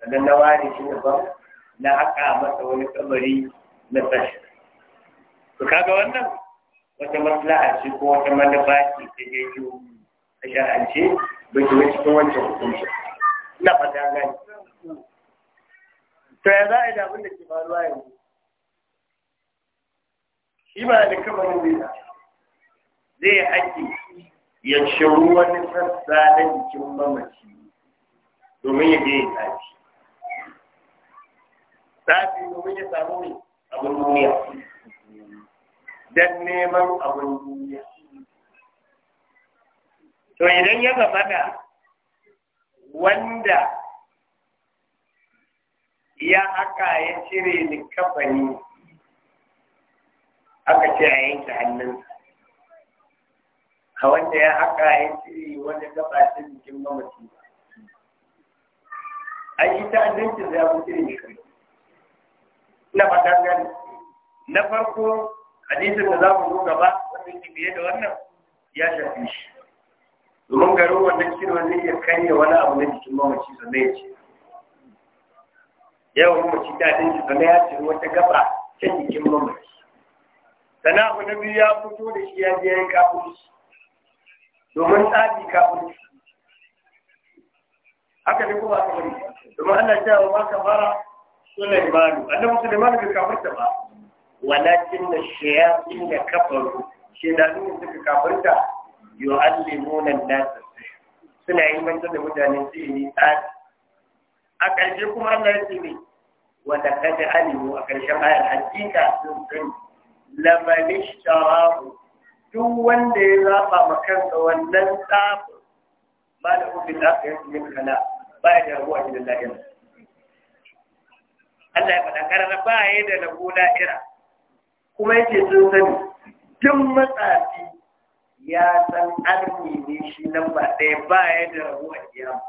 sannan na ware shi da babu na haka masa wani kamari na tashi Ka kaga wannan wata maslaha ce ko wata manufa ce ta janyo a sha'ance ba ki wa cikin wancan hukunci ina fata gani to ya za a yi da abin da ke faruwa yanzu shi ba da kamarin zai da zai haƙi ya shiru wani sassa na jikin mamaci domin ya je ya tafi tafi domin ya samu abin duniya don neman abin duniya to idan ya zama da wanda ya haka ya cire ni kafani aka ce a yanke hannunsa a wanda ya haka ya cire wanda gaba ta jikin mamaci a yi ta annanci za mu cire ni kai na fatan gani na farko hadisin da za mu zo gaba wanda ke biye da wannan ya shafi shi domin garin wannan kirwa zai iya karya wani abu na jikin mamaci sannan ya ce yawan mamaci daɗin shi sannan ya ce wata gaba ta jikin mamaci sana abu na biyu ya fito da shi ya je ya yi kafurci domin tsafi kafurci haka ne kuma aka bari domin ana cewa ma ka fara sunan ibadu annabi suleiman bai kafurta ba walakin da shayatin da kafaru shedanu suka kafarta yu'allimuna an-nas suna yi manzo da mutane su yi tsari a ƙarshe kuma Allah ya ce ne da kaji alimu a ƙarshen ayar hakika sun sani lamani sharahu duk wanda ya zaɓa ma kansa wannan tsafin ba da ofin da aka su yin kana ba ya da rabuwa gidan lahira Allah ya faɗa karara ba ya yi da rabu la'ira kuma yake sun sani tun matsafi ya san arni ne shi nan ba ɗaya ba ya da rabuwa kiyama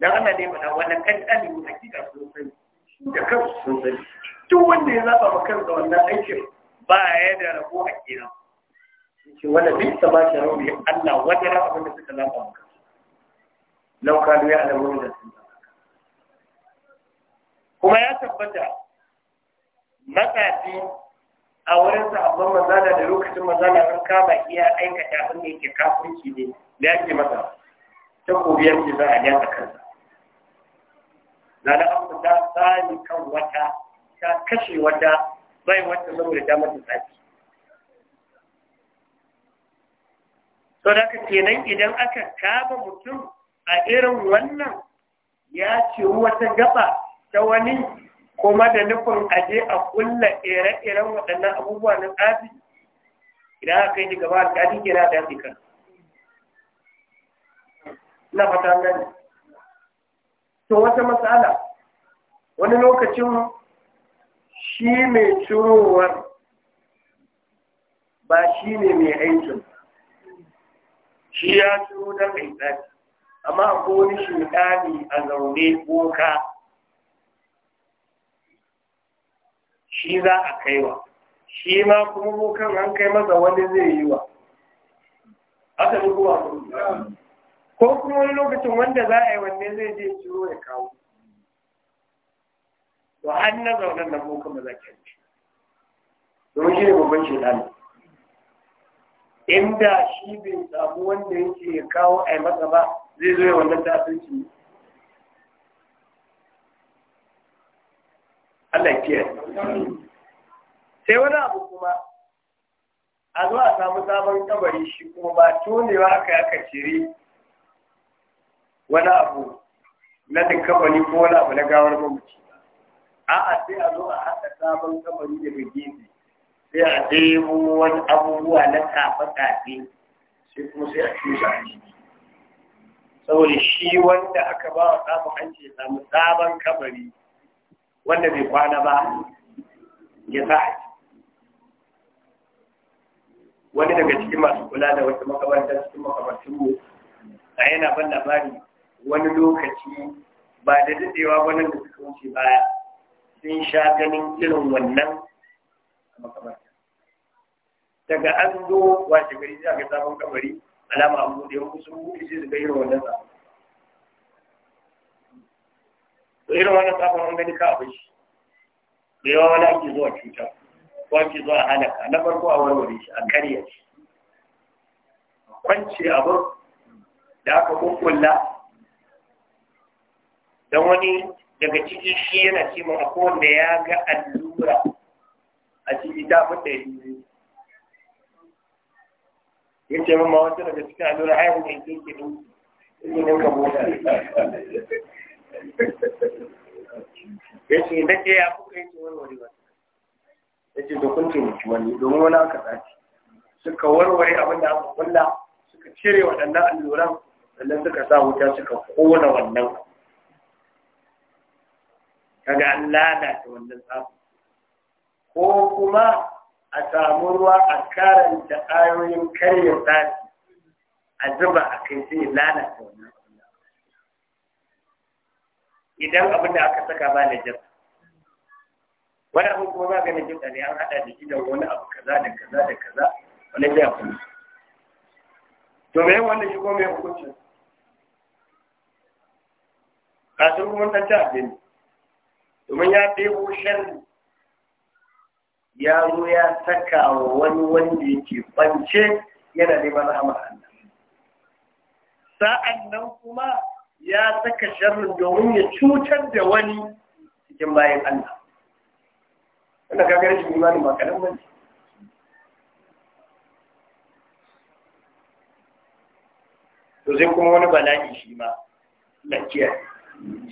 dan ana ne mana wani kan ɗani mu hakika sun sani da kansu sun sani duk wanda ya zaba ma kansa wannan aikin ba ya da rabuwa a kiyama shi wanda duk ta ba shi rauni Allah wanda rafa abin da suka zaba ma kansu lau kanu ya alamu da sun kuma ya tabbata matsafi a wurin sahabban manzana da lokacin manzana an kama iya aikata abin da yake kafirci ne da yake masa ta kobiyar ce za a a kansa na da abu ta tsani kan wata ta kashe wata bai wata da damar da tsaki sau da ka kenan idan aka kama mutum a irin wannan ya ce wata gaba ta wani kuma da nufin aje a kulla ire-iren waɗannan abubuwa na tsafi idan aka yi gaba alƙali ke na da kan na fata gani to wata matsala wani lokacin shi mai curowar ba shi ne mai aikin shi ya ciro don mai tsafi amma akwai wani shi a zaune boka shi za a kaiwa shi ma kuma mu kan an kai masa wani zai yi wa aka yi kuma ko kuma wani lokacin wanda za a yi wanne zai je ciro ya kawo to an na zaunan na mu kuma za ka yi domin shi ne babban shaitan inda shi bai samu wanda yake ya kawo a yi masa ba zai zo ya wannan tasirci Allah ya kiyaye sai wani abu kuma a zuwa samu sabon kabari shi kuma ba tonewa aka yaka aka cire wani abu na kabari ko wani abu na gawar mamaci a'a sai a zo a haɗa sabon kabari daga gefe sai a ɗebo wani abubuwa na kafe-kafe sai kuma sai a cusa shi saboda shi wanda aka ba wa sabon hanci ya samu sabon kabari wanda bai kwana ba ya sa a wani daga cikin masu kula da wata makamanta cikin makamantin mu a yana ban labari wani lokaci ba da daɗewa wani da suka wuce baya sun sha ganin irin wannan makamanta daga an zo wace gari za ga sabon kamari alama an buɗe wani sun buɗe sai su ga irin wannan sabon irin wannan sabon an gani ka abin shi da yawa wani ake zuwa cuta ko ake zuwa halaka na farko a warware shi a karya shi kwanci abu da aka kukula don wani daga ciki shi yana ce a kowanne ya ga allura a ciki ta fita yi yin ce mamma wata daga cikin allura haihu ne ke ke ilimin ka mota ya ce na ce ya kuka yi ce warware ba ya ce to kun taimaki wani domin wani aka tsaci suka warware abin da aka kulla suka cire waɗannan alluran sannan suka sa wuta suka kona wannan kaga an lalata wannan tsafi ko kuma a samu ruwa a karanta ayoyin karya tsafi a zuba a kai sai lalata wannan idan abin da aka saka ba najasa wani abu kuma za ka najasa ne an haɗa da shi da wani abu kaza da kaza da kaza wani zai kuma to me wanda shi kuma me hukunci kasar kuma ɗan ta abin domin ya ɗebo shan ya zo ya saka wa wani wanda yake bance yana neman rahama Allah sa'an nan kuma ya saka sharrin domin ya cutar da wani cikin bayan Allah wanda ka gare shi imanin ba kadan bane to sai kuma wani bala'i shi ma lafiya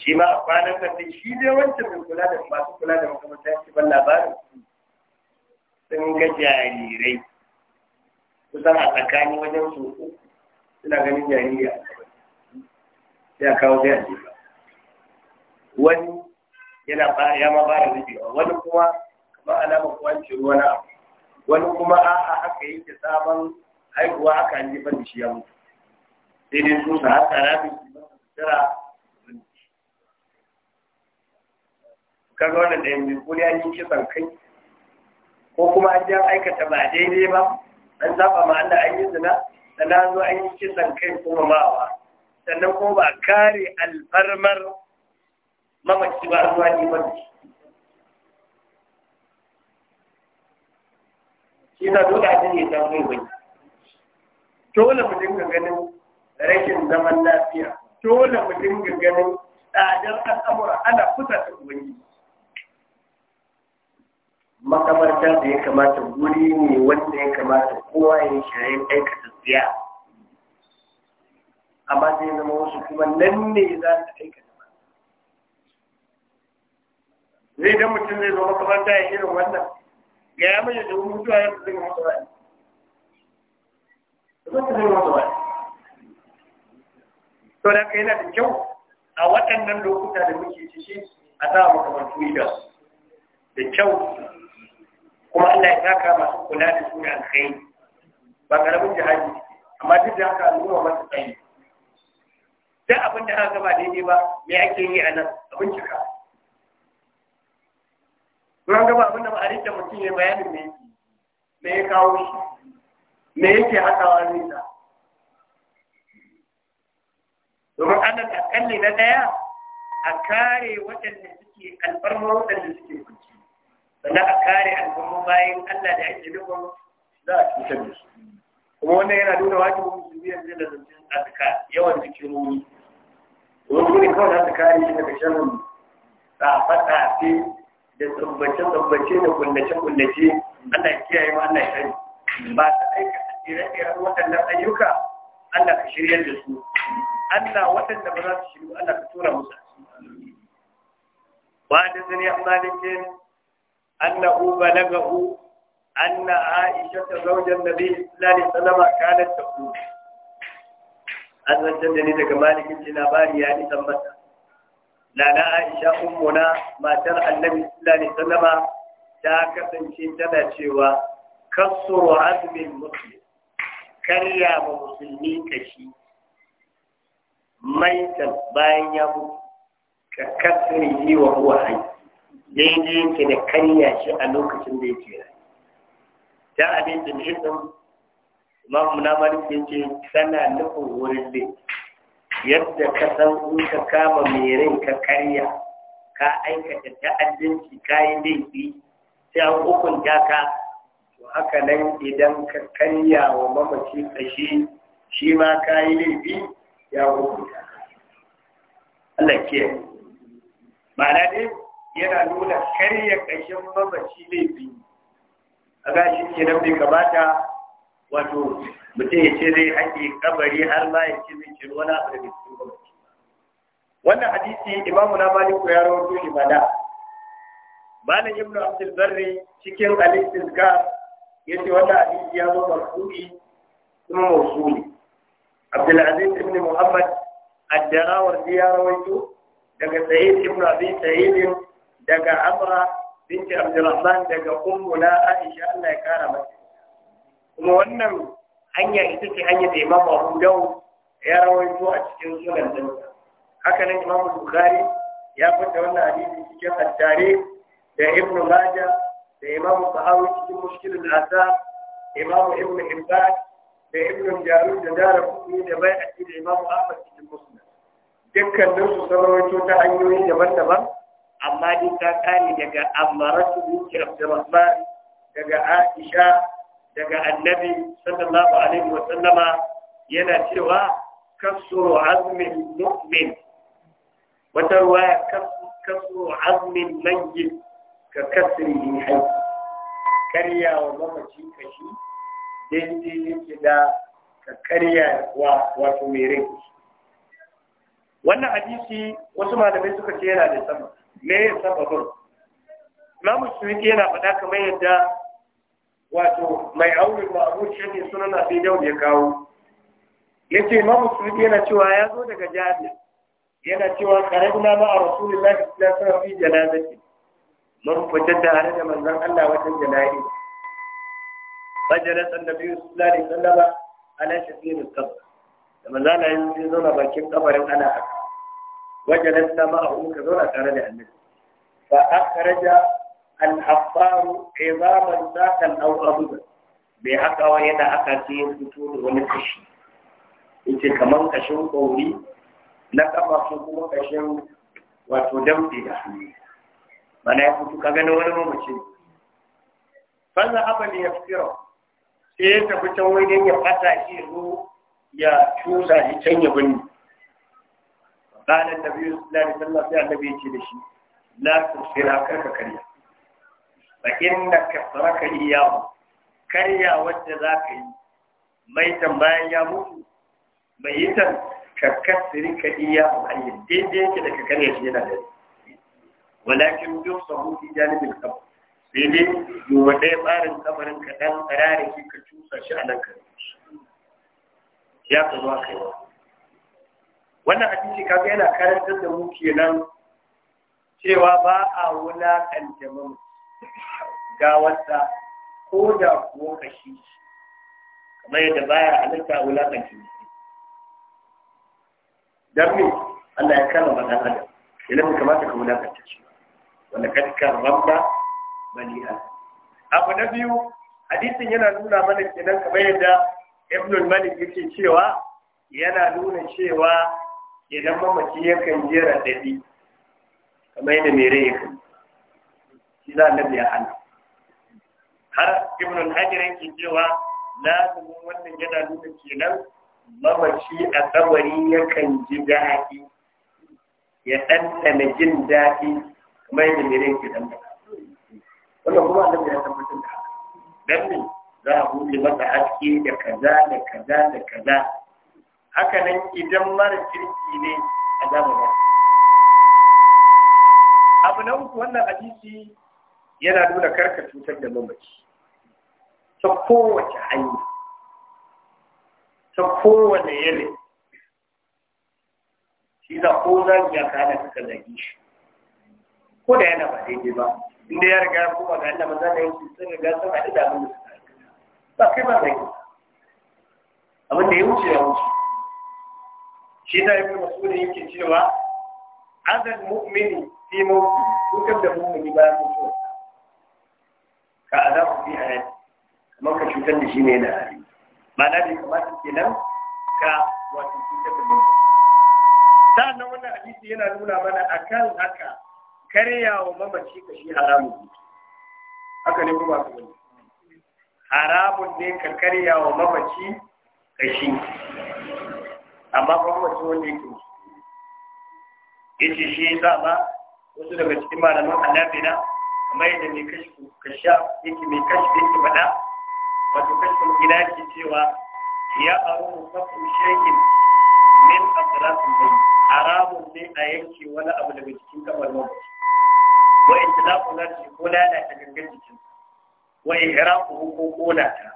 shi ma a kwanan kan shi dai wancan mai kula da masu kula da makamanta ya ban labarin sun ga jarirai kusan a tsakani wajen su uku suna ganin jariri a sai a kawo sai a ba. wani yana ya ma fara ba, wani kuma kamar alamar kwanci ruwa na abu wani kuma a'a aka yanke sabon haihuwa aka an ba da shi ya mutu sai dai su sa haka rabin sutura kaga wannan da yanzu ko ya yi kisan kai ko kuma an jan aikata ba daidai ba an zaba ma Allah an yi zina sannan an zo an yi kisan kai kuma ma'awa sannan ko ba kare alfarmar mamaci ba zuwa ne ba shi na dole da ne ta mai wani dole mu dinga ganin rashin zaman lafiya dole mu dinga ganin tsadar al'amura ana kusa da wani. makamarta da ya kamata guri ne wanda ya kamata kowa ya shayin aikata tsiya amma zai zama wasu kuma nan ne za su aikata ba zai dan mutum zai zo makaranta ya irin wannan ga ya mai da mutuwa ya zai masa wani zai zai masa wani to da kai yana da kyau a waɗannan lokuta da muke ciki a sa makamantu idan da kyau kuma Allah ya saka masu kula da suna alkhairi ba karamin jihadi amma duk da haka al'umma masu tsayi duk abin da aka gaba daidai ba me ake yi a nan a bincika Don gaba abin da ma'arin da mutum ya bayani me me ya kawo shi me yake haɗawa nisa domin ana kalli na ɗaya a kare waɗanda suke alfarma waɗanda suke kuci sannan a kare alfarma bayan Allah da ake nufin za a cutar da su kuma wannan yana nuna wajibin musulmi yanzu da zancen azka yawan zikirori domin ne kawai za su kare shi daga shan tsafe-tsafe da tsubbace-tsubbace da kullace-kullace ana kiyaye ma ana ya sani ba su aikata ire-iren waɗannan ayyuka Allah ka shirya da su Allah waɗanda ba za su shiru, Allah ka tura musu ba da zuri an malikin annahu ga'u, anna aisha ta zaujan nabi sallallahu alaihi wasallam kanat taqulu an zantar da ni daga malikin ce labari ya isan masa lana aisha ummuna matar annabi sallallahu alaihi wasallama ta kasance tana cewa kasuru azumin musulmi karya ma musulmi kashi maitan bayan ya mutu ka kasiri yi wa huwa hai daidai yake da karya shi a lokacin da yake rai ta abin da imam na malik ya ce kana nufin wurin ne yadda ka san in ka kama me rai ka karya ka aikata ta'addanci ka yi laifi sai an hukunta ka to haka nan idan ka karya wa mamaci kashi shi ma ka yi laifi ya hukunta Allah ke ma'ana dai yana nuna karya kashin mamaci laifi a gashi nan bai kamata wato mutum ya ce zai haƙi kabari har ma ya ce zai ciro wani abu daga cikin gwamnati wannan hadisi imamu na maliku ya rawaito shi ba da malam ibnu abdul barri cikin al-istizkar yace wannan hadisi ya zo marfu'i kuma mawsuli abdul aziz ibn muhammad ad-darawar ya rawaito daga sa'id ibn abi sa'id daga amra binti abdurrahman daga ummu na aisha Allah ya kara mata kuma wannan hanya ita ce hanya da imam abu dau ya rawaito a cikin sunan dinsa haka nan imam bukhari ya fita wannan hadisi cikin addare da ibnu maja da imam sahawi cikin mushkilul asar imam ibnu hibban da ibnu jarud da daraqutni da bai'ati da imam ahmad cikin musnad nan su sarrawaito ta hanyoyi daban-daban amma dai ta kare daga amaratu binti abdurrahman daga aisha daga annabi sallallahu alaihi wa sallama yana cewa kasru azmin mu'min wata ruwaya kasru azmin mayyit ka kasri hayy karya wa mamaci kashi daidai yake da ka karya wa wato mere wannan hadisi wasu malamai suka ce yana da sama me sababin Imam Suyuti yana faɗa kamar yadda wato mai aunin ma'amud shi sunan abi daud ya kawo Ya ce, ma musulmi yana cewa ya zo daga jami'a yana cewa karabna ma a rasulun lafi alaihi wasallam fi janazati mun fita tare da manzan Allah wajen jana'i fajalat annabi sallallahu alaihi a nan shi fi qabr da manzon Allah ya zo na bakin kabarin ana haka wajalat ma a umma zauna tare da annabi fa akhraja الحفار عظاما ذاتا او غضبا bai hakawa yana aka ce ya fito da wani kashi ita kamar kashin kori na kafa su kuma kashin wato damfe da su mana ya fito ka gani wani mamace fanzan abali ya fito sai ya tafi can wani ya fata shi ya ya cusa shi can ya bani ƙanan da biyu sallallahu alaihi wasallam sai annabi ce da shi fa inna kasraka kar karya wacce za ka yi mai tambayan ya mutu mai yi tan ka kasiri ka iyahu a yi daidai yake da ka karya shi yana da yi walakin duk sahu fi janibin kabu sai dai wa ɗaya ɓarin kamarin ka ɗan ƙararin shi ka cusa shi a nan ka ya ka zuwa kaiwa wannan hadisi kaga yana karantar da mu kenan cewa ba a wulaƙanta mamaki gawarsa ko da kuwa kashi kamar yadda baya halitta wulakanci don me Allah ya kama ɗan adam yana mu kamata ka wulakanta shi wanda ka ramba bani a abu na biyu hadisin yana nuna mana kenan kamar yadda ibnul malik yake cewa yana nuna cewa idan mamaci yakan jera dadi kamar yadda mere yakan shi za annabi ya hana har ibn al-hajar yake cewa lazumin wannan yana nuna kenan mamaci a tsawari yakan ji daɗi ya ɗanɗana jin daɗi kuma yadda mere ke ɗanɗana wannan kuma a annabi ya tabbatar da haka don ne za a buɗe masa haske da kaza da kaza da kaza haka nan idan mara kirki ne a zamanin abu na uku wannan hadisi yana nuna karka cutar da mamaci ta kowace hanya ta kowane yare shi za ko za ya kana ka kallaki shi ko da yana ba daidai ba inda ya riga kuma ga Allah maza da yake sun riga sun haɗu da abin da suka aikata ba kai ba zai abin da ya wuce ya wuce shi da yake masu ne yake cewa azal mu'mini fi mawqi hukum da mu'mini ba mu ka azabu fi hayati kamar ka cutar da shi ne na hali ma'ana bai kamata nan ka wato cutar da mutum sa'annan wannan hadisi yana nuna mana a kan haka karya wa mamaci ka shi haramun ne haka ne kuma ka gani haramun ne ka karya wa mamaci ka shi amma kuma mamaci wanda yake yace shi yasa ba wasu daga cikin malaman annabi na mai da mai sha kasha yake mai kashi da yake faɗa wato kashfin gida ke cewa ya mu kafin shekin min asiratin bai haramun ne a yanke wani abu daga cikin kamar ta wa intilaqu ce ko ta gangan jikin wa ihraquhu ko kona ta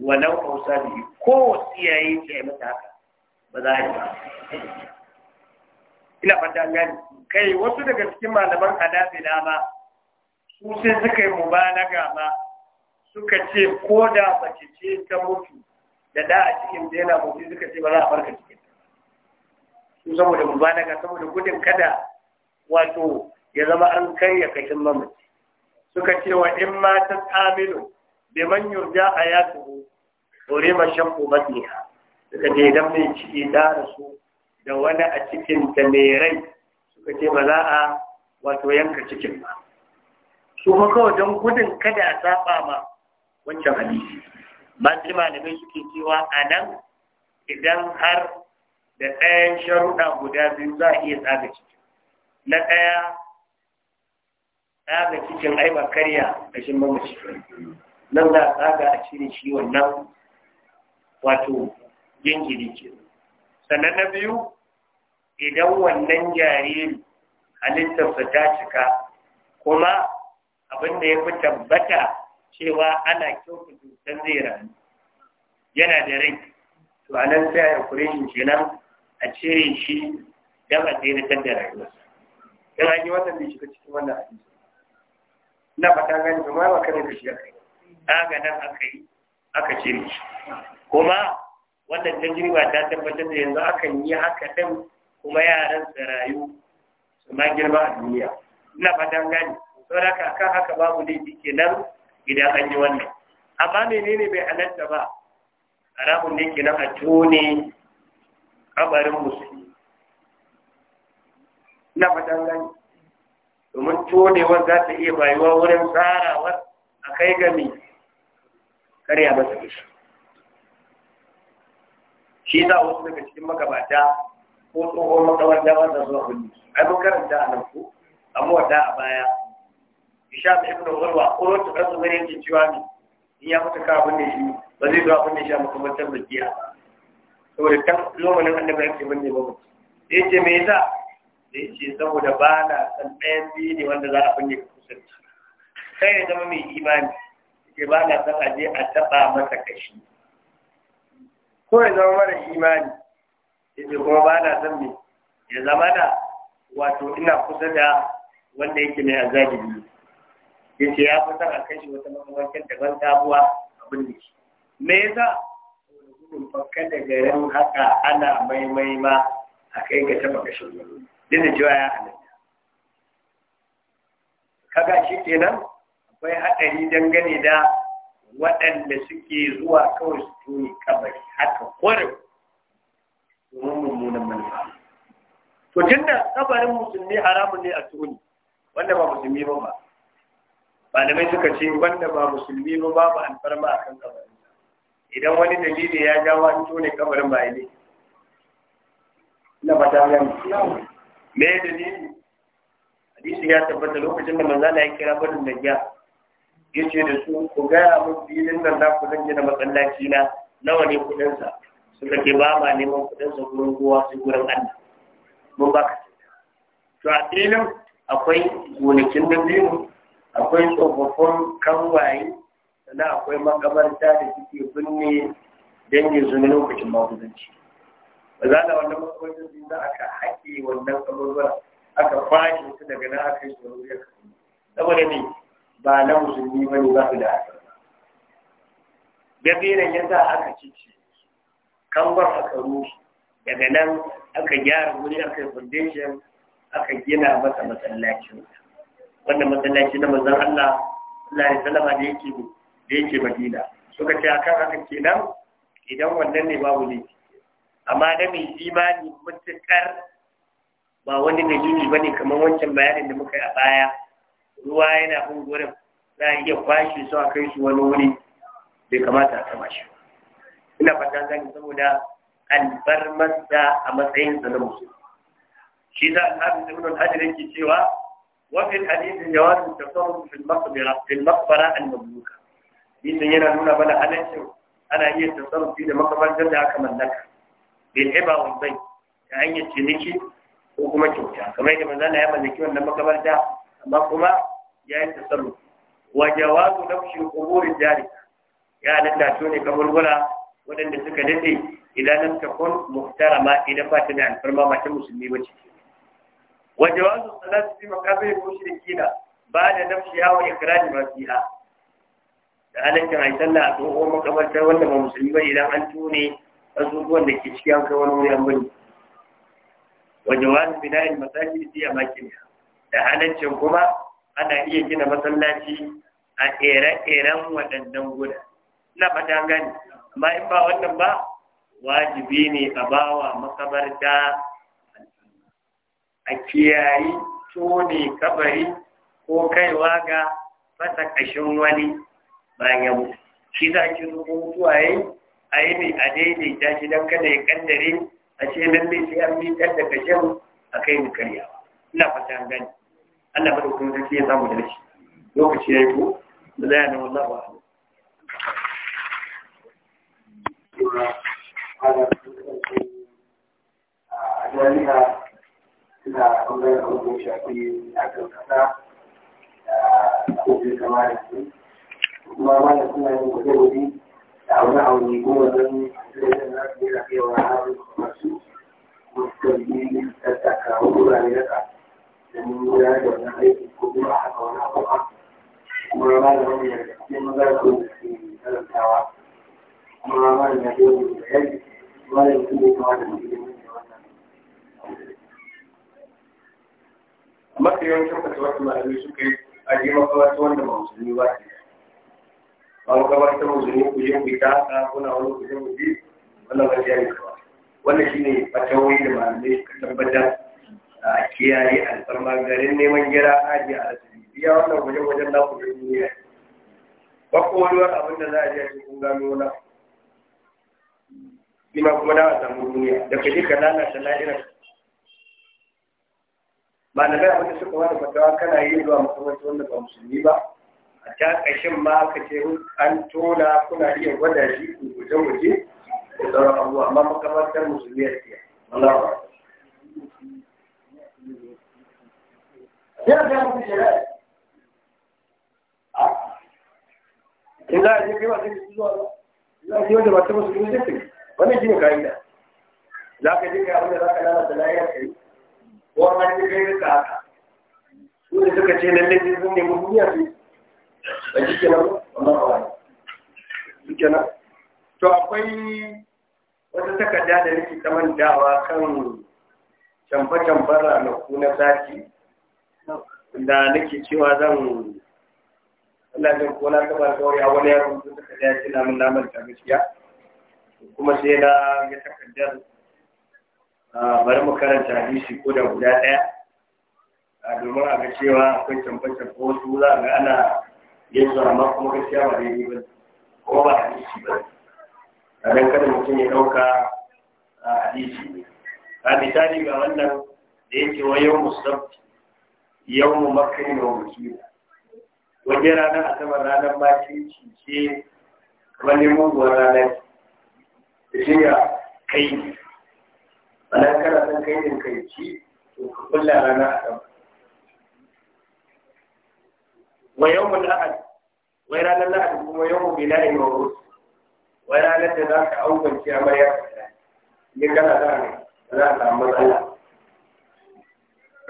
wa law awsabi ko tsiyaye ce mata haka ba za a yi ba ina fata gani kai wasu daga cikin malaman hadafina ba. sai suka yi mubalaga ba, suka ce ko da mace ce ta mutu da da a cikin da yana mutu suka ce ba za a farka cikin su saboda mubalaga saboda gudun kada wato ya zama an kai ya kashin mamaci suka ce wa in ma ta tsaminu bi a ya tuhu ore ma shan kubatiha suka ce idan mai ciki da rasu da wani a cikin ta mai rai suka ce ba za a wato yanka cikin ba su kawai don gudun kada a saba ma wancan hadisi ba su malamai suke cewa a nan idan har da ɗayan sharuɗa guda biyu za a iya tsaga cikin na ɗaya tsaga cikin ai ba karya ƙashin mamaci nan za a tsaga a cire shi wannan wato jinjiri ke sannan na biyu idan wannan jariri halittarsa ta cika kuma abin da ya fi tabbata cewa ana kyautata dutsen zai rani yana da rai to a nan sai a yakure shi kenan a cire shi don a tsere da rayuwarsa in an yi wannan bai shiga cikin wannan hadisi na fata gani kuma ba kare da shi aka yi aga nan aka yi aka cire shi kuma wannan tajriba ta tabbatar da yanzu akan yi haka din kuma yaran su rayu su ma girma a duniya ina fatan gani saboda haka haka babu laifi kenan idan an yi wannan amma menene bai halatta ba haramun ne kenan a tone kabarin musulmi na fatan gani domin tonewar za ta iya bayuwa wurin tsarawar a kai gami karya masa ishi shi za wasu daga cikin magabata ko tsohon makawar dawar da zuwa hulmi ai mun karanta a nan ko amma wata a baya hisham ibn urwa ko wata kasu bane yake cewa ne in ya mutu ka abin da shi ba zai zuwa abin da shi a makamantar bakiya saboda kan zamanin annabi ya bin ne ba mutu Ya ce me yasa Ya ce saboda ba na san ɗayan biyu ne wanda za a binne ka kusurta kai ya zama mai imani ya ce ba na san je a taɓa masa kashi ko ya zama mara imani ya ce kuma ba na san me ya zama da wato ina kusa da wanda yake mai azabi ya ce ya fitar a kashi wata da daban sabuwa abin da shi me ya yasa gudun fakka da garin haka ana maimai ma a kai ga taba kashin wani dina cewa ya halitta kaga shi kenan akwai haɗari dangane da waɗanda suke zuwa kawai su tuni kabari haka kwarin domin mummunan manufa to tunda kabarin musulmi haramun ne a tuni wanda ba musulmi ba ba malamai suka ce wanda ba musulmi ba babu alfarma a kan kabarin idan wani dalili ya jawo an ne kabarin ba ne ina fata gani me dalili hadisi ya tabbata lokacin da manzana ya kira barin Ya yace da su ku gaya mun filin nan da ku zanje na masallaci na nawa ne kudin sa suka ce ba ma neman kudin sa gurin kowa sai gurin Allah mun baka to a filin akwai gonakin dabino akwai tsofaffin kanwaye sannan akwai makamarta da suke binne dangin su lokacin maguzanci ba za da wannan makamarta sun za aka haƙe wannan kabarwar aka fashe su daga nan aka yi wani ya kasu saboda ne ba na musulmi ba ne ba su da asar gabiran ya sa aka cice kanwar aka rushe daga nan aka gyara wuri aka yi foundation aka gina masa masallacin wuta wannan masallaci na manzon Allah Allah ya salama da yake da yake Madina suka ce akan haka kenan idan wannan ne babu ne amma da mai imani mutukar ba wani dalili bane kamar wancan bayanin da muka yi a baya ruwa yana bin gurin za a iya kwashe su a kai su wani wuri bai kamata a kama shi ina fata zan saboda albarmar da a matsayin na musu shi za a ibn al-hajar yake cewa وفي الحديث جواز التصرف في المقبرة في المقبرة المملوكة حديث ينا نونا بلا حدث أنا هي التصرف في المقبرة جدا كما لك بالهبة والبيت يعني التنكي وكما كوتا كما يجب أن أنا أمن لكي من المقبرة دا أما كما يأي التصرف وجواز نفش القبور الجارية يعني تاتوني كمول ولا ولن تكدتي إذا لم تكن محترمة إذا فاتنا عن فرما ما تمسلمي وجهك wa jawazu salati fi maqabir mushrikina ba da nafsiya wa ikrari ma fiha da halaccin a yi sallah a tsohuwar makabartar wanda ba musulmi ba idan an tone abubuwan da ke ciki an kai wani wuri an bari wajen wani binayin masaki da a makin da halaccin kuma ana iya gina masallaci a ƙere-ƙeren waɗannan guda na fata gani amma in ba wannan ba wajibi ne a bawa makabarta a kiyayi tone kabari ko kaiwa ga fasa kashin wani bayan ya mutu shi za ki zuwa mutuwa yi a yi ne a daidaita shi don kada ya kandare a ce mai sai an mitar da kashin a kai mu karyawa ina fata an gani Allah bada kuma ta ya samu da shi lokaci ya yi ko da zai nan wallah ba Thank you. suna ɓangaren abin da shafi akan kasa da kogin kama da su kuma ma da suna yin gwaje-gwaje da aure aure goma don zai na su yana kaiwa har masu musulmi tattaka wurare na ka domin gudanar da wannan aiki ko kuma a haka wani abu ba kuma ma da wani daga cikin maza su ke karantawa kuma ma da na yau da yanzu ma da mutum ya kamata mu yi da wannan mafi yawancin fasuwar malamai suka yi aji je makabarta wanda ba musulmi ba ke ba makabarta musulmi ku je ku yi tasa kuna wani ku je ku je wannan ba jiya ne kawai wannan shine fatawoyi da malamai suka tabbatar a kiyaye alfarma garin neman gira aji a asibiti biya wannan wajen-wajen na ku da duniya ba wani abin da za a je a cikin gano na shi kuma na a samu duniya da kaje ka lalata la'irar malamai a wani suka wani fatawa kana yi zuwa makamanci wanda ba musulmi ba a ta ƙashin ma ka ce an tona kuna iya gwada shi ku guje guje da sauran abubuwa amma makamantar musulmi a tiya Allah ba ya ga mutu shari'a ah. in za a je kai ba sai su zuwa ba za a yi wanda masu ta musulmi zai tafi wannan shi ne ka'ida za ka je kai abin da za ka lalata lafiyar kai wa ma ji kai ka haka su ne suka ce lalle ji sun nemi duniya su ba shi kenan wannan awai shi kenan to akwai wata takarda da nake ta mantawa kan canfa-canfan ranaku na sati da nake cewa zan Allah ko na taba kawai a wani yaro da takarda ya ce na mun namanta gaskiya kuma sai na ga takardar bari mu karanta hadisi ko da guda ɗaya domin a ga cewa akwai canfa ko wasu za a ga ana yin su amma kuma gaskiya ba daidai ba ko ba hadisi ba a don kada mutum ya ɗauka hadisi ne a misali ga wannan da yake wa yau musabti yau mu makari da wakila wajen ranar asabar ranar bakin ce kamar neman ruwan ranar da shi ya kai sannan kana son kai din kai ci to ka kulla rana a kan wa yawmul ahad wai ranar lahadi kuma yawmul bilahi wa rus wai ranar da za ka aukanci amarya ne kana za ne za ka samu matsala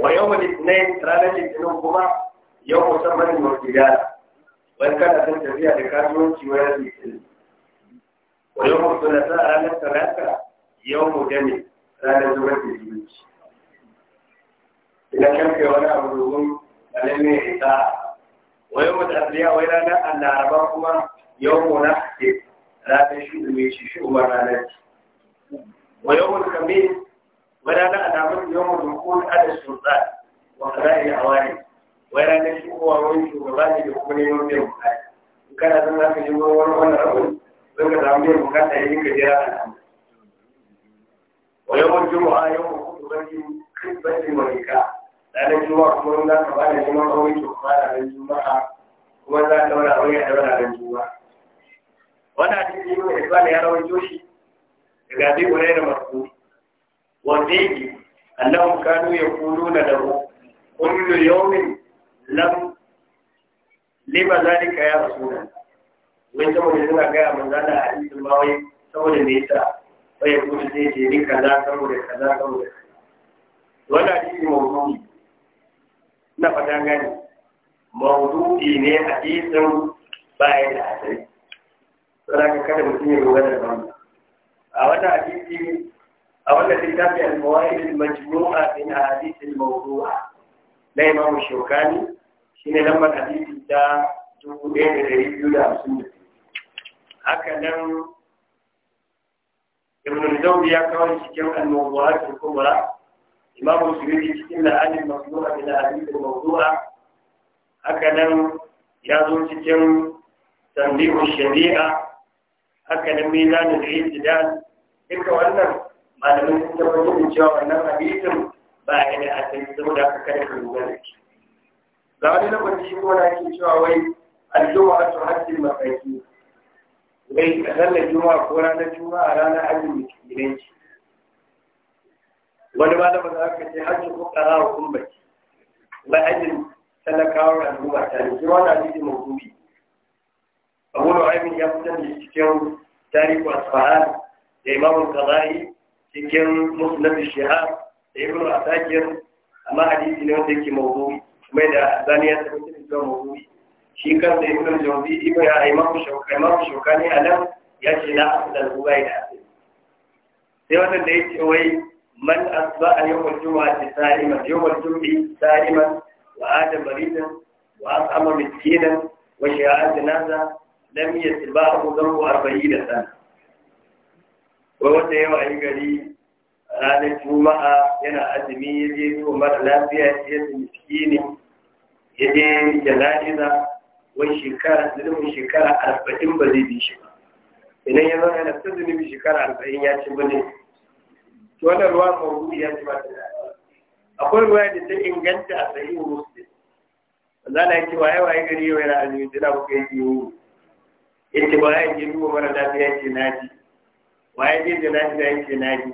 wa yawmul ithnain ranar litinin kuma Yau musamman saman wa tijara wai kana son tafiya da kasuwanci wai ranar litinin wa yawmul thulatha ranar talata yawmul jami'a ranar zubar da zumunci idan kan kai wani abu domin alim ya sa wai wata asiriya wai ranar an laraba kuma yau mona ke ranar shi mai shi shi umar ranar ce wai yau mun kame wai ranar alamar yau mun dukkan ada sultan wa kada yi hawaye wai ranar shi kowa wani shugaba ne da kuma neman biyan bukata kana zama ka yi wani wani rabu zai ka zama biyan bukata ya yi ka jira al'amari ويوم الجمعة يوم خطبتي خطبتي ونكاح لأن الجمعة كمان ذاك بعد الجمعة طويل وقال الجمعة kuma za ka wani abin ya da wani abin juma wani hadisi yi mai isbani ya rawar joshi daga bi ƙure da masu wanda yake annahu kanu ya kulu na dabu kullu yawmin lam lima zalika ya rasula wai saboda gaya manzana a hadisin bawai saboda bai kuma zai ce ni kaza saboda kaza saboda wannan hadisi mawdu'i na fata gani mawdu'i ne a hadisin bayan da asali ka kada mutum ya lura da wannan a wannan hadisi a wannan littafi al-fawaid al-majmu'a min ahadith al-mawdu'a na Imam Shawkani shine lambar hadisi ta 1250 haka nan ibn zawdi ya kawo cikin al-mawdu'at al-kubra imam suyuti cikin la'an al-mawdu'a bil hadith al-mawdu'a haka nan ya zo cikin tanbihu shari'a haka nan mizan al-i'tidal duka wannan malamin sun tabbatar da cewa wannan hadisin ba a yi asali saboda aka kada ka lura da shi ga wani lokaci ko na ke cewa wai al-jumu'atu hadd al-maqasid wai a juma'a ko ranar juma'a ranar azumi gidanci wani ba da ba za ka ce hajji ko kara wa kun baki ba ajin talakawar al'umma ta ne kuma na jiji mabubi abu da aibin ya fitar da cikin tarihi asfahar da imamun kazari cikin musulun shiha da ibn asakir amma hadisi ne wanda yake mabubi kuma da zaniya ta mutum zuwa mabubi shi kansa ibn jawzi ibn ya imamu shauka imamu shauka ne a ya ce na afdal huwa da asali sai wannan da yake wai man asba a yawmul jumu'ati sa'iman yawmul jumu'i Salima wa adam maridan wa asama miskinan wa shi'a'an janaza lam yasbahu dhanbu 40 sana wai wanda yawa yi gari ranar juma'a yana azumi ya je zuwa mara lafiya ya je miskini ya je janaza wai shekara zunubin shekara arba'in ba zai bi shi ba idan ya zama yana ta zunubin shekara arba'in ya ci bane to wannan ruwa mawudu ya ci ba ta akwai ruwa da ta inganta a sahihu muslim za na yake waye waye gari yau yana azumi tana kuka yi yiwu yace ba yake yi duba mara lafiya ce na ji waye je da naji da na ji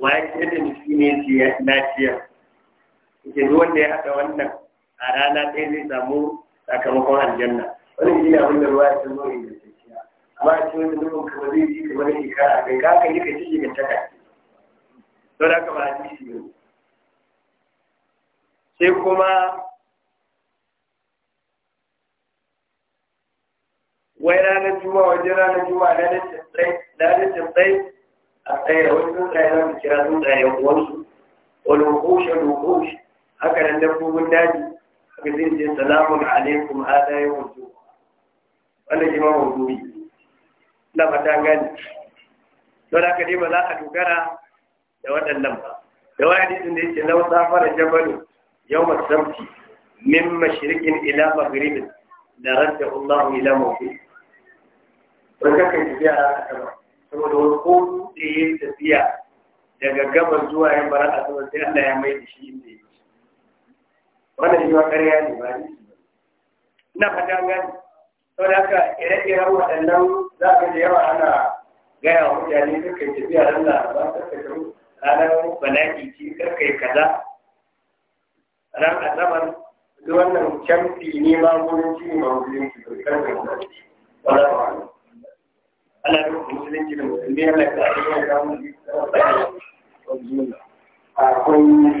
waye je da miskini ce ya ciya yake duk wanda ya haɗa wannan a rana ɗaya zai samu sakamakon aljanna wani yi na abin da ruwa ya inda zuwa ingantacciya amma a cikin wani zubin kuma zai ji kamar shi ka a kai ka yi ka ci shi ta kai to da ka ba a ci ne sai kuma wai ranar juma wajen ranar juma ranar tambayi a tsaye wani tsuntsaye za su kira tsuntsayen uwansu wani hukushe hukushe haka nan dabbobin daji haka zai ce salamun alaikum hada ya wuce wannan shi ma mawdu'i na mata gani don haka dai ba za a dogara da waɗannan ba da wani hadisin da yake lau safara jabalu yawma samti min mashriqin ila maghribin da radda Allah ila mawqi ba ka kai tafiya a kama saboda wani ko da ya yi tafiya daga gabar zuwa yamma ran asabar sai Allah ya mai da shi inda yake wannan shi ma ƙarya ne ba ne ina fata gani saboda haka ire-iren waɗannan za ka da yawa ana gaya wa mutane suka yi tafiya ran laraba suka yi ranar bala'i ce suka yi kaza ran asabar duk wannan camfi ne ma gurin ci ma gurin ci kan kan wala ba Allah ya rubuta musulunci da musulmi Allah ya sa a cikin kamun akwai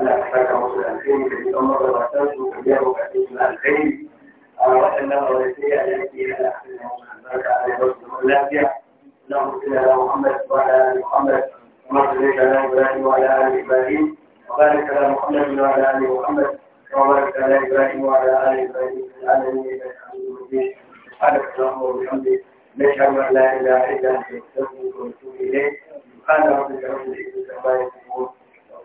انا احتاج اوصل 2000 كده مره بحتاج وكبيره وكتير 2000 انا واحد لما رئيسية التي انا احتاج اوصل البركه على دوله الولاديه اللهم صل على محمد وعلى ال محمد وما صليت على ابراهيم وعلى ال ابراهيم وبارك على محمد وعلى ال محمد وبارك على ابراهيم وعلى ال ابراهيم في العالمين انك حميد مجيد سبحانك اللهم وبحمدك نشهد ان لا اله الا انت نستغفرك ونتوب اليك سبحان ربك رب العزه عما يصفون